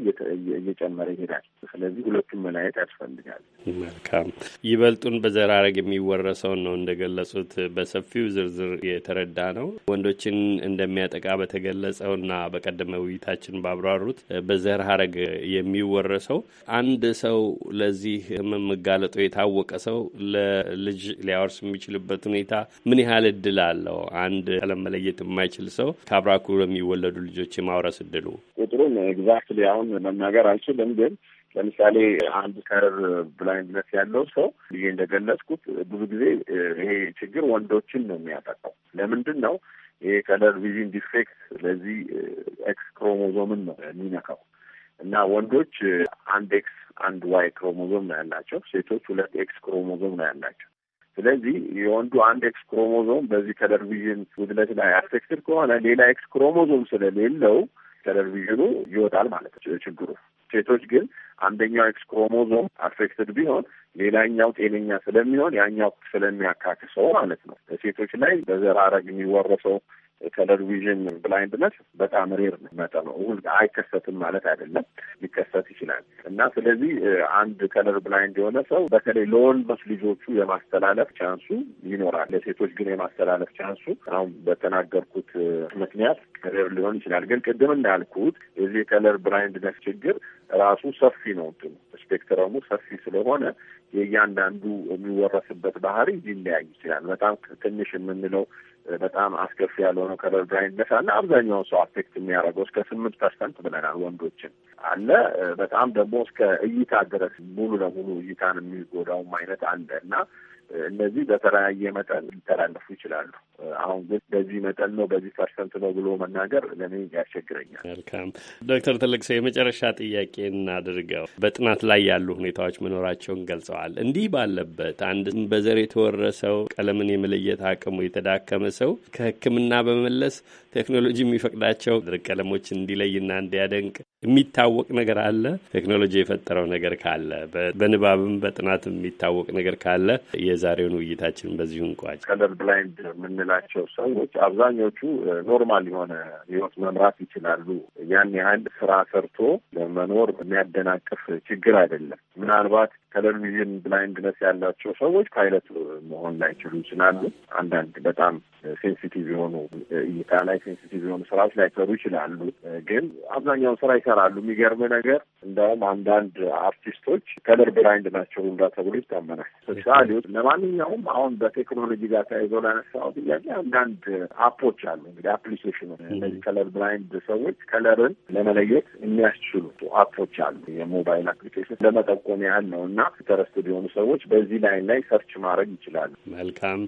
እየጨመረ ይሄዳል። ስለዚህ ሁለቱም መለያየት ያስፈልጋል። መልካም። ይበልጡን በዘራረግ የሚወረሰውን ነው እንደገለ በገለጹት በሰፊው ዝርዝር የተረዳ ነው። ወንዶችን እንደሚያጠቃ በተገለጸውና በቀደመ ውይይታችን ባብራሩት በዘር ሀረግ የሚወረሰው አንድ ሰው ለዚህ ህመም መጋለጡ የታወቀ ሰው ለልጅ ሊያወርስ የሚችልበት ሁኔታ ምን ያህል እድል አለው? አንድ ለመለየት የማይችል ሰው ከአብራኩ የሚወለዱ ልጆች የማውረስ እድሉ ቁጥሩን ኤግዛክትሊ አሁን መናገር አልችልም ግን ለምሳሌ አንድ ከለር ብላይንድነስ ያለው ሰው ብዬ እንደገለጽኩት ብዙ ጊዜ ይሄ ችግር ወንዶችን ነው የሚያጠቃው። ለምንድን ነው ይሄ ከለር ቪዥን ዲፌክት ለዚህ ኤክስ ክሮሞዞምን ነው የሚነካው እና ወንዶች አንድ ኤክስ አንድ ዋይ ክሮሞዞም ነው ያላቸው፣ ሴቶች ሁለት ኤክስ ክሮሞዞም ነው ያላቸው። ስለዚህ የወንዱ አንድ ኤክስ ክሮሞዞም በዚህ ከለር ቪዥን ጉድለት ላይ አፌክትድ ከሆነ ሌላ ኤክስ ክሮሞዞም ስለሌለው ቴሌቪዥኑ ይወጣል ማለት ነው ችግሩ። ሴቶች ግን አንደኛው ኤክስ ክሮሞዞም አፌክትድ ቢሆን ሌላኛው ጤነኛ ስለሚሆን ያኛው ስለሚያካክሰው ማለት ነው። ሴቶች ላይ በዘር ሐረግ የሚወረሰው ከለር ቪዥን ብላይንድነት በጣም ሬር መጠን ነው። አይከሰትም ማለት አይደለም፣ ሊከሰት ይችላል እና ስለዚህ አንድ ከለር ብላይንድ የሆነ ሰው በተለይ ለወንዶች ልጆቹ የማስተላለፍ ቻንሱ ይኖራል። ለሴቶች ግን የማስተላለፍ ቻንሱ አሁን በተናገርኩት ምክንያት ሬር ሊሆን ይችላል። ግን ቅድም እንዳልኩት የዚህ ከለር ብላይንድነት ችግር ራሱ ሰፊ ነው። እንትኑ ስፔክትረሙ ሰፊ ስለሆነ የእያንዳንዱ የሚወረስበት ባህሪ ሊለያይ ይችላል። በጣም ትንሽ የምንለው በጣም አስከፊ ያለሆነ ከለር ብላይንድነስ አለ። አብዛኛውን ሰው አፌክት የሚያደርገው እስከ ስምንት ፐርሰንት ብለናል ወንዶችን አለ። በጣም ደግሞ እስከ እይታ ድረስ ሙሉ ለሙሉ እይታን የሚጎዳውም አይነት አለ እና እነዚህ በተለያየ መጠን ሊተላለፉ ይችላሉ። አሁን ግን በዚህ መጠን ነው በዚህ ፐርሰንት ነው ብሎ መናገር ለእኔ ያስቸግረኛል። መልካም ዶክተር ትልቅ ሰው የመጨረሻ ጥያቄ እናድርገው። በጥናት ላይ ያሉ ሁኔታዎች መኖራቸውን ገልጸዋል። እንዲህ ባለበት አንድ በዘር የተወረሰው ቀለምን የመለየት አቅሙ የተዳከመ ሰው ከሕክምና በመለስ ቴክኖሎጂ የሚፈቅዳቸው ድርቅ ቀለሞች እንዲለይና እንዲያደንቅ የሚታወቅ ነገር አለ። ቴክኖሎጂ የፈጠረው ነገር ካለ በንባብም በጥናት የሚታወቅ ነገር ካለ የዛሬውን ውይይታችን በዚሁ እንቋጭ። ከለር ብላይንድ የምንላቸው ሰዎች አብዛኞቹ ኖርማል የሆነ ህይወት መምራት ይችላሉ። ያን ያህል ስራ ሰርቶ ለመኖር የሚያደናቅፍ ችግር አይደለም። ምናልባት ከለር ቪዥን ብላይንድነስ ያላቸው ሰዎች ፓይለት መሆን ላይችሉ ይችላሉ። አንዳንድ በጣም ሴንሲቲቭ የሆኑ እይታ ላይ ሴንሲቲቭ የሆኑ ስራዎች ላይሰሩ ይችላሉ። ግን አብዛኛውን ስራ ይሰራሉ። የሚገርም ነገር እንደውም አንዳንድ አርቲስቶች ከለር ብላይንድ ናቸው ሁላ ተብሎ ይታመናል። ለማለት ለማንኛውም አሁን በቴክኖሎጂ ጋር ተያይዘው ላነሳው ጥያቄ አንዳንድ አፖች አሉ እንግዲህ አፕሊኬሽን እነዚህ ከለር ብላይንድ ሰዎች ከለርን ለመለየት የሚያስችሉ አፖች አሉ የሞባይል አፕሊኬሽን ለመጠቆም ያህል ነው እና ኢንተረስትድ የሆኑ ሰዎች በዚህ ላይን ላይ ሰርች ማድረግ ይችላሉ። መልካም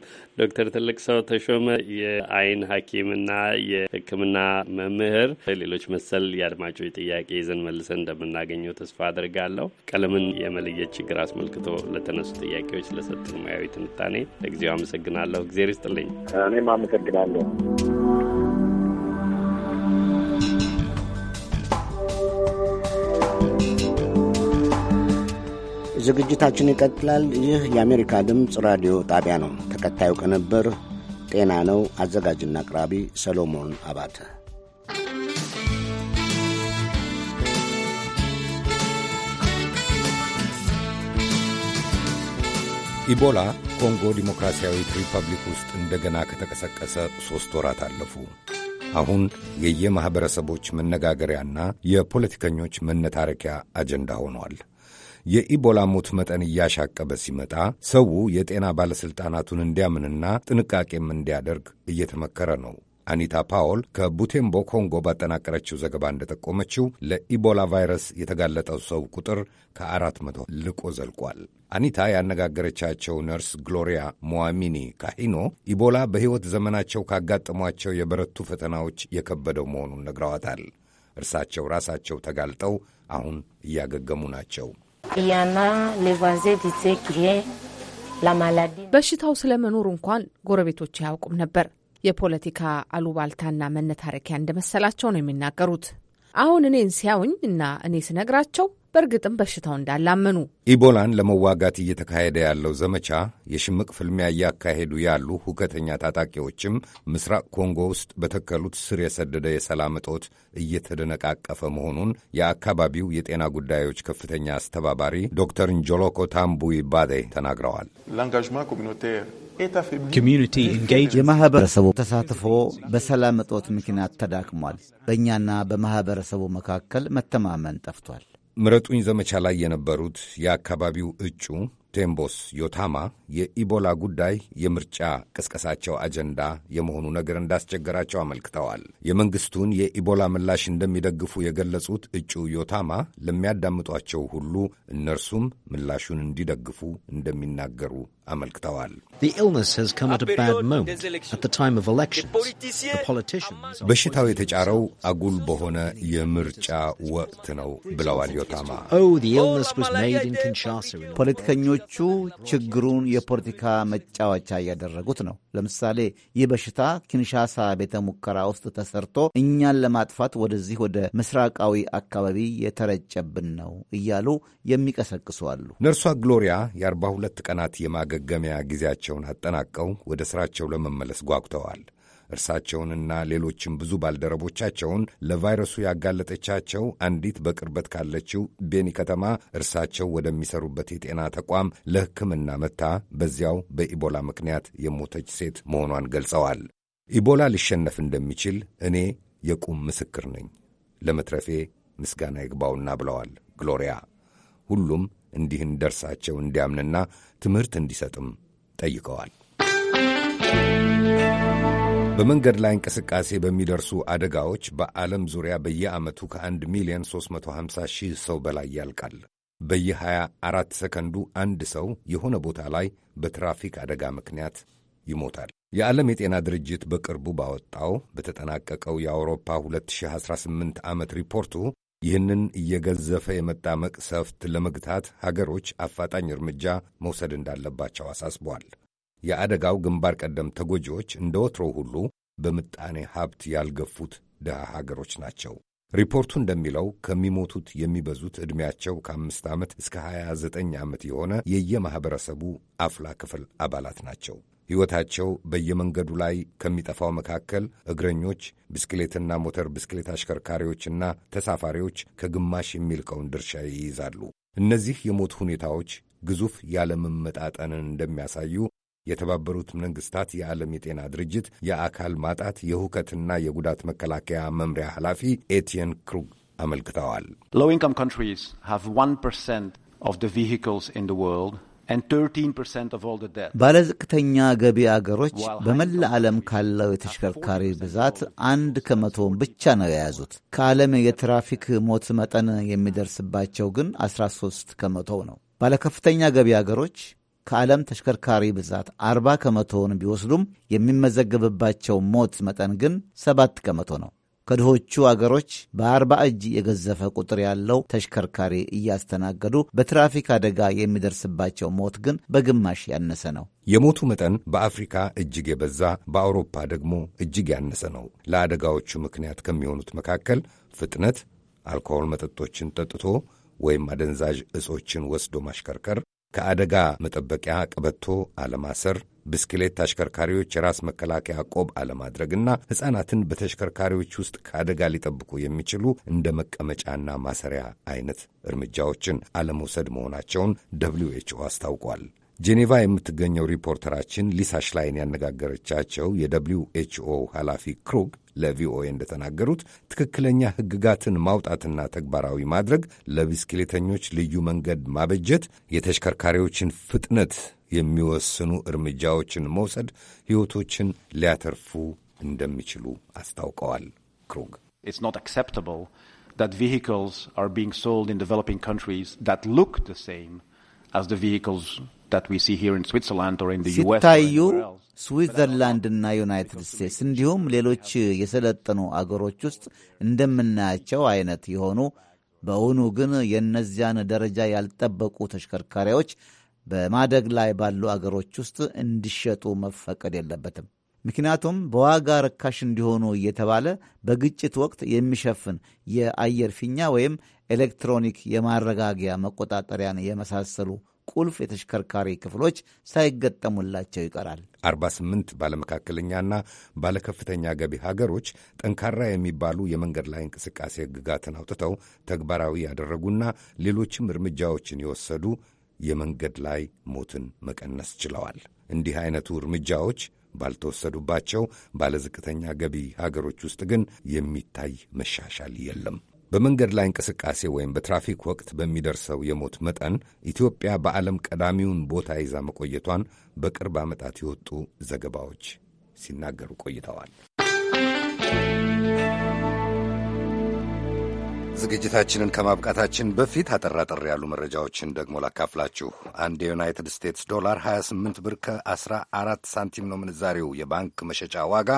ዶክተር ትልቅ ሰው ተሾመ የአይን ሐኪምና የህክምና መምህር ሌሎች መሰል የአድማጮች ጥያቄ ይዘን መልሰን እንደምናገኘው ተስፋ አድርጋለሁ። ቀለምን የመለየት ችግር አስመልክቶ ለተነሱ ጥያቄዎች ለሰጡ ሙያዊ ትንታኔ ለጊዜው አመሰግናለሁ። እግዜር ይስጥልኝ። እኔም አመሰግናለሁ። ዝግጅታችን ይቀጥላል። ይህ የአሜሪካ ድምፅ ራዲዮ ጣቢያ ነው። ተከታዩ ቅንብር ጤና ነው። አዘጋጅና አቅራቢ ሰሎሞን አባተ ኢቦላ ኮንጎ ዲሞክራሲያዊት ሪፐብሊክ ውስጥ እንደገና ከተቀሰቀሰ ሦስት ወራት አለፉ። አሁን የየማኅበረሰቦች መነጋገሪያና የፖለቲከኞች መነታረኪያ አጀንዳ ሆኗል። የኢቦላ ሞት መጠን እያሻቀበ ሲመጣ ሰው የጤና ባለሥልጣናቱን እንዲያምንና ጥንቃቄም እንዲያደርግ እየተመከረ ነው። አኒታ ፓውል ከቡቴምቦ ኮንጎ ባጠናቀረችው ዘገባ እንደጠቆመችው ለኢቦላ ቫይረስ የተጋለጠው ሰው ቁጥር ከአራት መቶ ልቆ ዘልቋል። አኒታ ያነጋገረቻቸው ነርስ ግሎሪያ ሞዋሚኒ ካሂኖ ኢቦላ በሕይወት ዘመናቸው ካጋጠሟቸው የበረቱ ፈተናዎች የከበደው መሆኑን ነግረዋታል። እርሳቸው ራሳቸው ተጋልጠው አሁን እያገገሙ ናቸው። በሽታው ስለ መኖሩ እንኳን ጎረቤቶች አያውቁም ነበር። የፖለቲካ አሉባልታና መነታረኪያ እንደመሰላቸው ነው የሚናገሩት። አሁን እኔን ሲያውኝ እና እኔ ስነግራቸው በእርግጥም በሽታው እንዳላመኑ ኢቦላን ለመዋጋት እየተካሄደ ያለው ዘመቻ የሽምቅ ፍልሚያ እያካሄዱ ያሉ ሁከተኛ ታጣቂዎችም ምስራቅ ኮንጎ ውስጥ በተከሉት ስር የሰደደ የሰላም እጦት እየተደነቃቀፈ መሆኑን የአካባቢው የጤና ጉዳዮች ከፍተኛ አስተባባሪ ዶክተር ንጆሎኮ ታምቡይ ባዴ ተናግረዋል። የማህበረሰቡ ተሳትፎ በሰላም እጦት ምክንያት ተዳክሟል። በእኛና በማህበረሰቡ መካከል መተማመን ጠፍቷል። ምረጡኝ ዘመቻ ላይ የነበሩት የአካባቢው እጩ ቴምቦስ ዮታማ የኢቦላ ጉዳይ የምርጫ ቅስቀሳቸው አጀንዳ የመሆኑ ነገር እንዳስቸገራቸው አመልክተዋል። የመንግስቱን የኢቦላ ምላሽ እንደሚደግፉ የገለጹት እጩ ዮታማ ለሚያዳምጧቸው ሁሉ እነርሱም ምላሹን እንዲደግፉ እንደሚናገሩ አመልክተዋል። በሽታው የተጫረው አጉል በሆነ የምርጫ ወቅት ነው ብለዋል ዮታማ። oh, oh, ፖለቲከኞቹ ችግሩን የፖለቲካ መጫወቻ እያደረጉት ነው። ለምሳሌ ይህ በሽታ ኪንሻሳ ቤተ ሙከራ ውስጥ ተሰርቶ እኛን ለማጥፋት ወደዚህ ወደ ምስራቃዊ አካባቢ የተረጨብን ነው እያሉ የሚቀሰቅሱ አሉ። ነርሷ ግሎሪያ የ42 ቀናት የማ የማገገሚያ ጊዜያቸውን አጠናቀው ወደ ሥራቸው ለመመለስ ጓጉተዋል። እርሳቸውንና ሌሎችም ብዙ ባልደረቦቻቸውን ለቫይረሱ ያጋለጠቻቸው አንዲት በቅርበት ካለችው ቤኒ ከተማ እርሳቸው ወደሚሰሩበት የጤና ተቋም ለሕክምና መታ በዚያው በኢቦላ ምክንያት የሞተች ሴት መሆኗን ገልጸዋል። ኢቦላ ሊሸነፍ እንደሚችል እኔ የቁም ምስክር ነኝ፣ ለመትረፌ ምስጋና ይግባውና ብለዋል ግሎሪያ። ሁሉም እንዲህ እንደርሳቸው እንዲያምንና ትምህርት እንዲሰጥም ጠይቀዋል። በመንገድ ላይ እንቅስቃሴ በሚደርሱ አደጋዎች በዓለም ዙሪያ በየዓመቱ ከ1 ሚሊዮን 350 ሺህ ሰው በላይ ያልቃል። በየ24 ሰከንዱ አንድ ሰው የሆነ ቦታ ላይ በትራፊክ አደጋ ምክንያት ይሞታል። የዓለም የጤና ድርጅት በቅርቡ ባወጣው በተጠናቀቀው የአውሮፓ 2018 ዓመት ሪፖርቱ ይህንን እየገዘፈ የመጣ መቅሰፍት ለመግታት ሀገሮች አፋጣኝ እርምጃ መውሰድ እንዳለባቸው አሳስቧል። የአደጋው ግንባር ቀደም ተጎጂዎች እንደ ወትሮ ሁሉ በምጣኔ ሀብት ያልገፉት ድሃ ሀገሮች ናቸው። ሪፖርቱ እንደሚለው ከሚሞቱት የሚበዙት ዕድሜያቸው ከአምስት ዓመት እስከ 29 ዓመት የሆነ የየማኅበረሰቡ አፍላ ክፍል አባላት ናቸው። ሕይወታቸው በየመንገዱ ላይ ከሚጠፋው መካከል እግረኞች፣ ብስክሌትና ሞተር ብስክሌት አሽከርካሪዎችና ተሳፋሪዎች ከግማሽ የሚልቀውን ድርሻ ይይዛሉ። እነዚህ የሞት ሁኔታዎች ግዙፍ ያለመመጣጠንን እንደሚያሳዩ የተባበሩት መንግስታት የዓለም የጤና ድርጅት የአካል ማጣት የሁከትና የጉዳት መከላከያ መምሪያ ኃላፊ ኤቲየን ክሩግ አመልክተዋል። ሎው ኢንካም ካንትሪስ ሃቭ 1 ፐርሰንት ኦፍ ዘ ቪሂክልስ ኢን ዘ ወርልድ ባለዝቅተኛ ገቢ አገሮች በመላ ዓለም ካለው የተሽከርካሪ ብዛት አንድ ከመቶውን ብቻ ነው የያዙት። ከዓለም የትራፊክ ሞት መጠን የሚደርስባቸው ግን 13 ከመቶው ነው። ባለከፍተኛ ገቢ አገሮች ከዓለም ተሽከርካሪ ብዛት 40 ከመቶውን ቢወስዱም የሚመዘገብባቸው ሞት መጠን ግን ሰባት ከመቶ ነው። ከድሆቹ አገሮች በአርባ እጅ የገዘፈ ቁጥር ያለው ተሽከርካሪ እያስተናገዱ በትራፊክ አደጋ የሚደርስባቸው ሞት ግን በግማሽ ያነሰ ነው። የሞቱ መጠን በአፍሪካ እጅግ የበዛ፣ በአውሮፓ ደግሞ እጅግ ያነሰ ነው። ለአደጋዎቹ ምክንያት ከሚሆኑት መካከል ፍጥነት፣ አልኮሆል መጠጦችን ጠጥቶ ወይም አደንዛዥ እጾችን ወስዶ ማሽከርከር ከአደጋ መጠበቂያ ቀበቶ አለማሰር ብስክሌት ተሽከርካሪዎች የራስ መከላከያ ቆብ አለማድረግና ሕፃናትን በተሽከርካሪዎች ውስጥ ከአደጋ ሊጠብቁ የሚችሉ እንደ መቀመጫና ማሰሪያ አይነት እርምጃዎችን አለመውሰድ መሆናቸውን ደብሊው ኤች ኦ አስታውቋል። ጄኔቫ የምትገኘው ሪፖርተራችን ሊሳ ሽላይን ያነጋገረቻቸው የደብሊው ኤችኦ ኃላፊ ክሩግ ለቪኦኤ እንደተናገሩት ትክክለኛ ሕግጋትን ማውጣትና ተግባራዊ ማድረግ፣ ለብስክሌተኞች ልዩ መንገድ ማበጀት፣ የተሽከርካሪዎችን ፍጥነት የሚወስኑ እርምጃዎችን መውሰድ ሕይወቶችን ሊያተርፉ እንደሚችሉ አስታውቀዋል። ክሩግ ስ ሲታዩ ስዊትዘርላንድና ዩናይትድ ስቴትስ እንዲሁም ሌሎች የሰለጠኑ አገሮች ውስጥ እንደምናያቸው አይነት የሆኑ በእውኑ ግን የእነዚያን ደረጃ ያልጠበቁ ተሽከርካሪዎች በማደግ ላይ ባሉ አገሮች ውስጥ እንዲሸጡ መፈቀድ የለበትም። ምክንያቱም በዋጋ ርካሽ እንዲሆኑ እየተባለ በግጭት ወቅት የሚሸፍን የአየር ፊኛ ወይም ኤሌክትሮኒክ የማረጋጊያ መቆጣጠሪያን የመሳሰሉ ቁልፍ የተሽከርካሪ ክፍሎች ሳይገጠሙላቸው ይቀራል። 48 ባለመካከለኛና ባለከፍተኛ ገቢ ሀገሮች ጠንካራ የሚባሉ የመንገድ ላይ እንቅስቃሴ ሕግጋትን አውጥተው ተግባራዊ ያደረጉና ሌሎችም እርምጃዎችን የወሰዱ የመንገድ ላይ ሞትን መቀነስ ችለዋል። እንዲህ አይነቱ እርምጃዎች ባልተወሰዱባቸው ባለዝቅተኛ ገቢ ሀገሮች ውስጥ ግን የሚታይ መሻሻል የለም። በመንገድ ላይ እንቅስቃሴ ወይም በትራፊክ ወቅት በሚደርሰው የሞት መጠን ኢትዮጵያ በዓለም ቀዳሚውን ቦታ ይዛ መቆየቷን በቅርብ ዓመታት የወጡ ዘገባዎች ሲናገሩ ቆይተዋል። ዝግጅታችንን ከማብቃታችን በፊት አጠራጠር ያሉ መረጃዎችን ደግሞ ላካፍላችሁ። አንድ የዩናይትድ ስቴትስ ዶላር 28 ብር ከ14 ሳንቲም ነው ምንዛሬው። የባንክ መሸጫ ዋጋ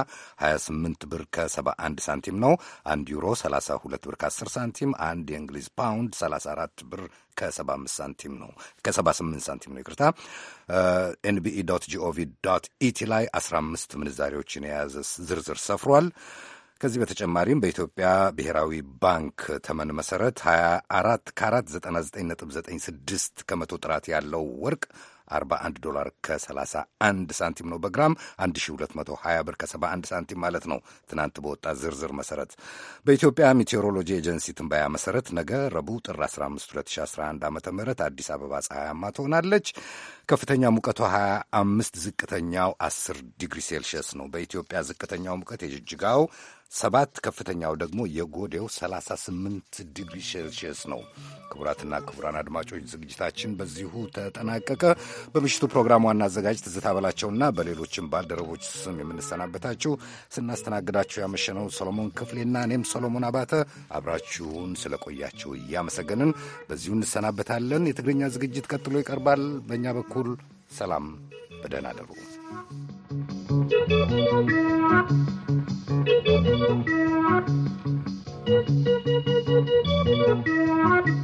28 ብር ከ71 ሳንቲም ነው። አንድ ዩሮ 32 ብር ከ10 ሳንቲም፣ አንድ የእንግሊዝ ፓውንድ 34 ብር ከ75 ሳንቲም ነው ከ78 ሳንቲም ነው ይቅርታ። ኤንቢኢ ጂኦቪ ኢቲ ላይ 15 ምንዛሬዎችን የያዘ ዝርዝር ሰፍሯል። ከዚህ በተጨማሪም በኢትዮጵያ ብሔራዊ ባንክ ተመን መሰረት 24 99.96 ከመቶ ጥራት ያለው ወርቅ 41 ዶላር ከ31 ሳንቲም ነው በግራም 1220 ብር ከ71 ሳንቲም ማለት ነው። ትናንት በወጣ ዝርዝር መሰረት በኢትዮጵያ ሜቴሮሎጂ ኤጀንሲ ትንባያ መሰረት ነገ ረቡዕ ጥር 15 2011 ዓ ም አዲስ አበባ ፀሐያማ ትሆናለች። ከፍተኛ ሙቀቷ 25፣ ዝቅተኛው 10 ዲግሪ ሴልሽየስ ነው። በኢትዮጵያ ዝቅተኛው ሙቀት የጅጅጋው ሰባት ከፍተኛው ደግሞ የጎዴው 38 ዲግሪ ሴልሺየስ ነው። ክቡራትና ክቡራን አድማጮች ዝግጅታችን በዚሁ ተጠናቀቀ። በምሽቱ ፕሮግራም ዋና አዘጋጅ ትዝታ በላቸውና በሌሎችም ባልደረቦች ስም የምንሰናበታችሁ ስናስተናግዳችሁ ያመሸነው ሰሎሞን ክፍሌና እኔም ሰሎሞን አባተ አብራችሁን ስለቆያችሁ እያመሰገንን በዚሁ እንሰናበታለን። የትግርኛ ዝግጅት ቀጥሎ ይቀርባል። በእኛ በኩል ሰላም፣ በደህና አደሩ። Thank you.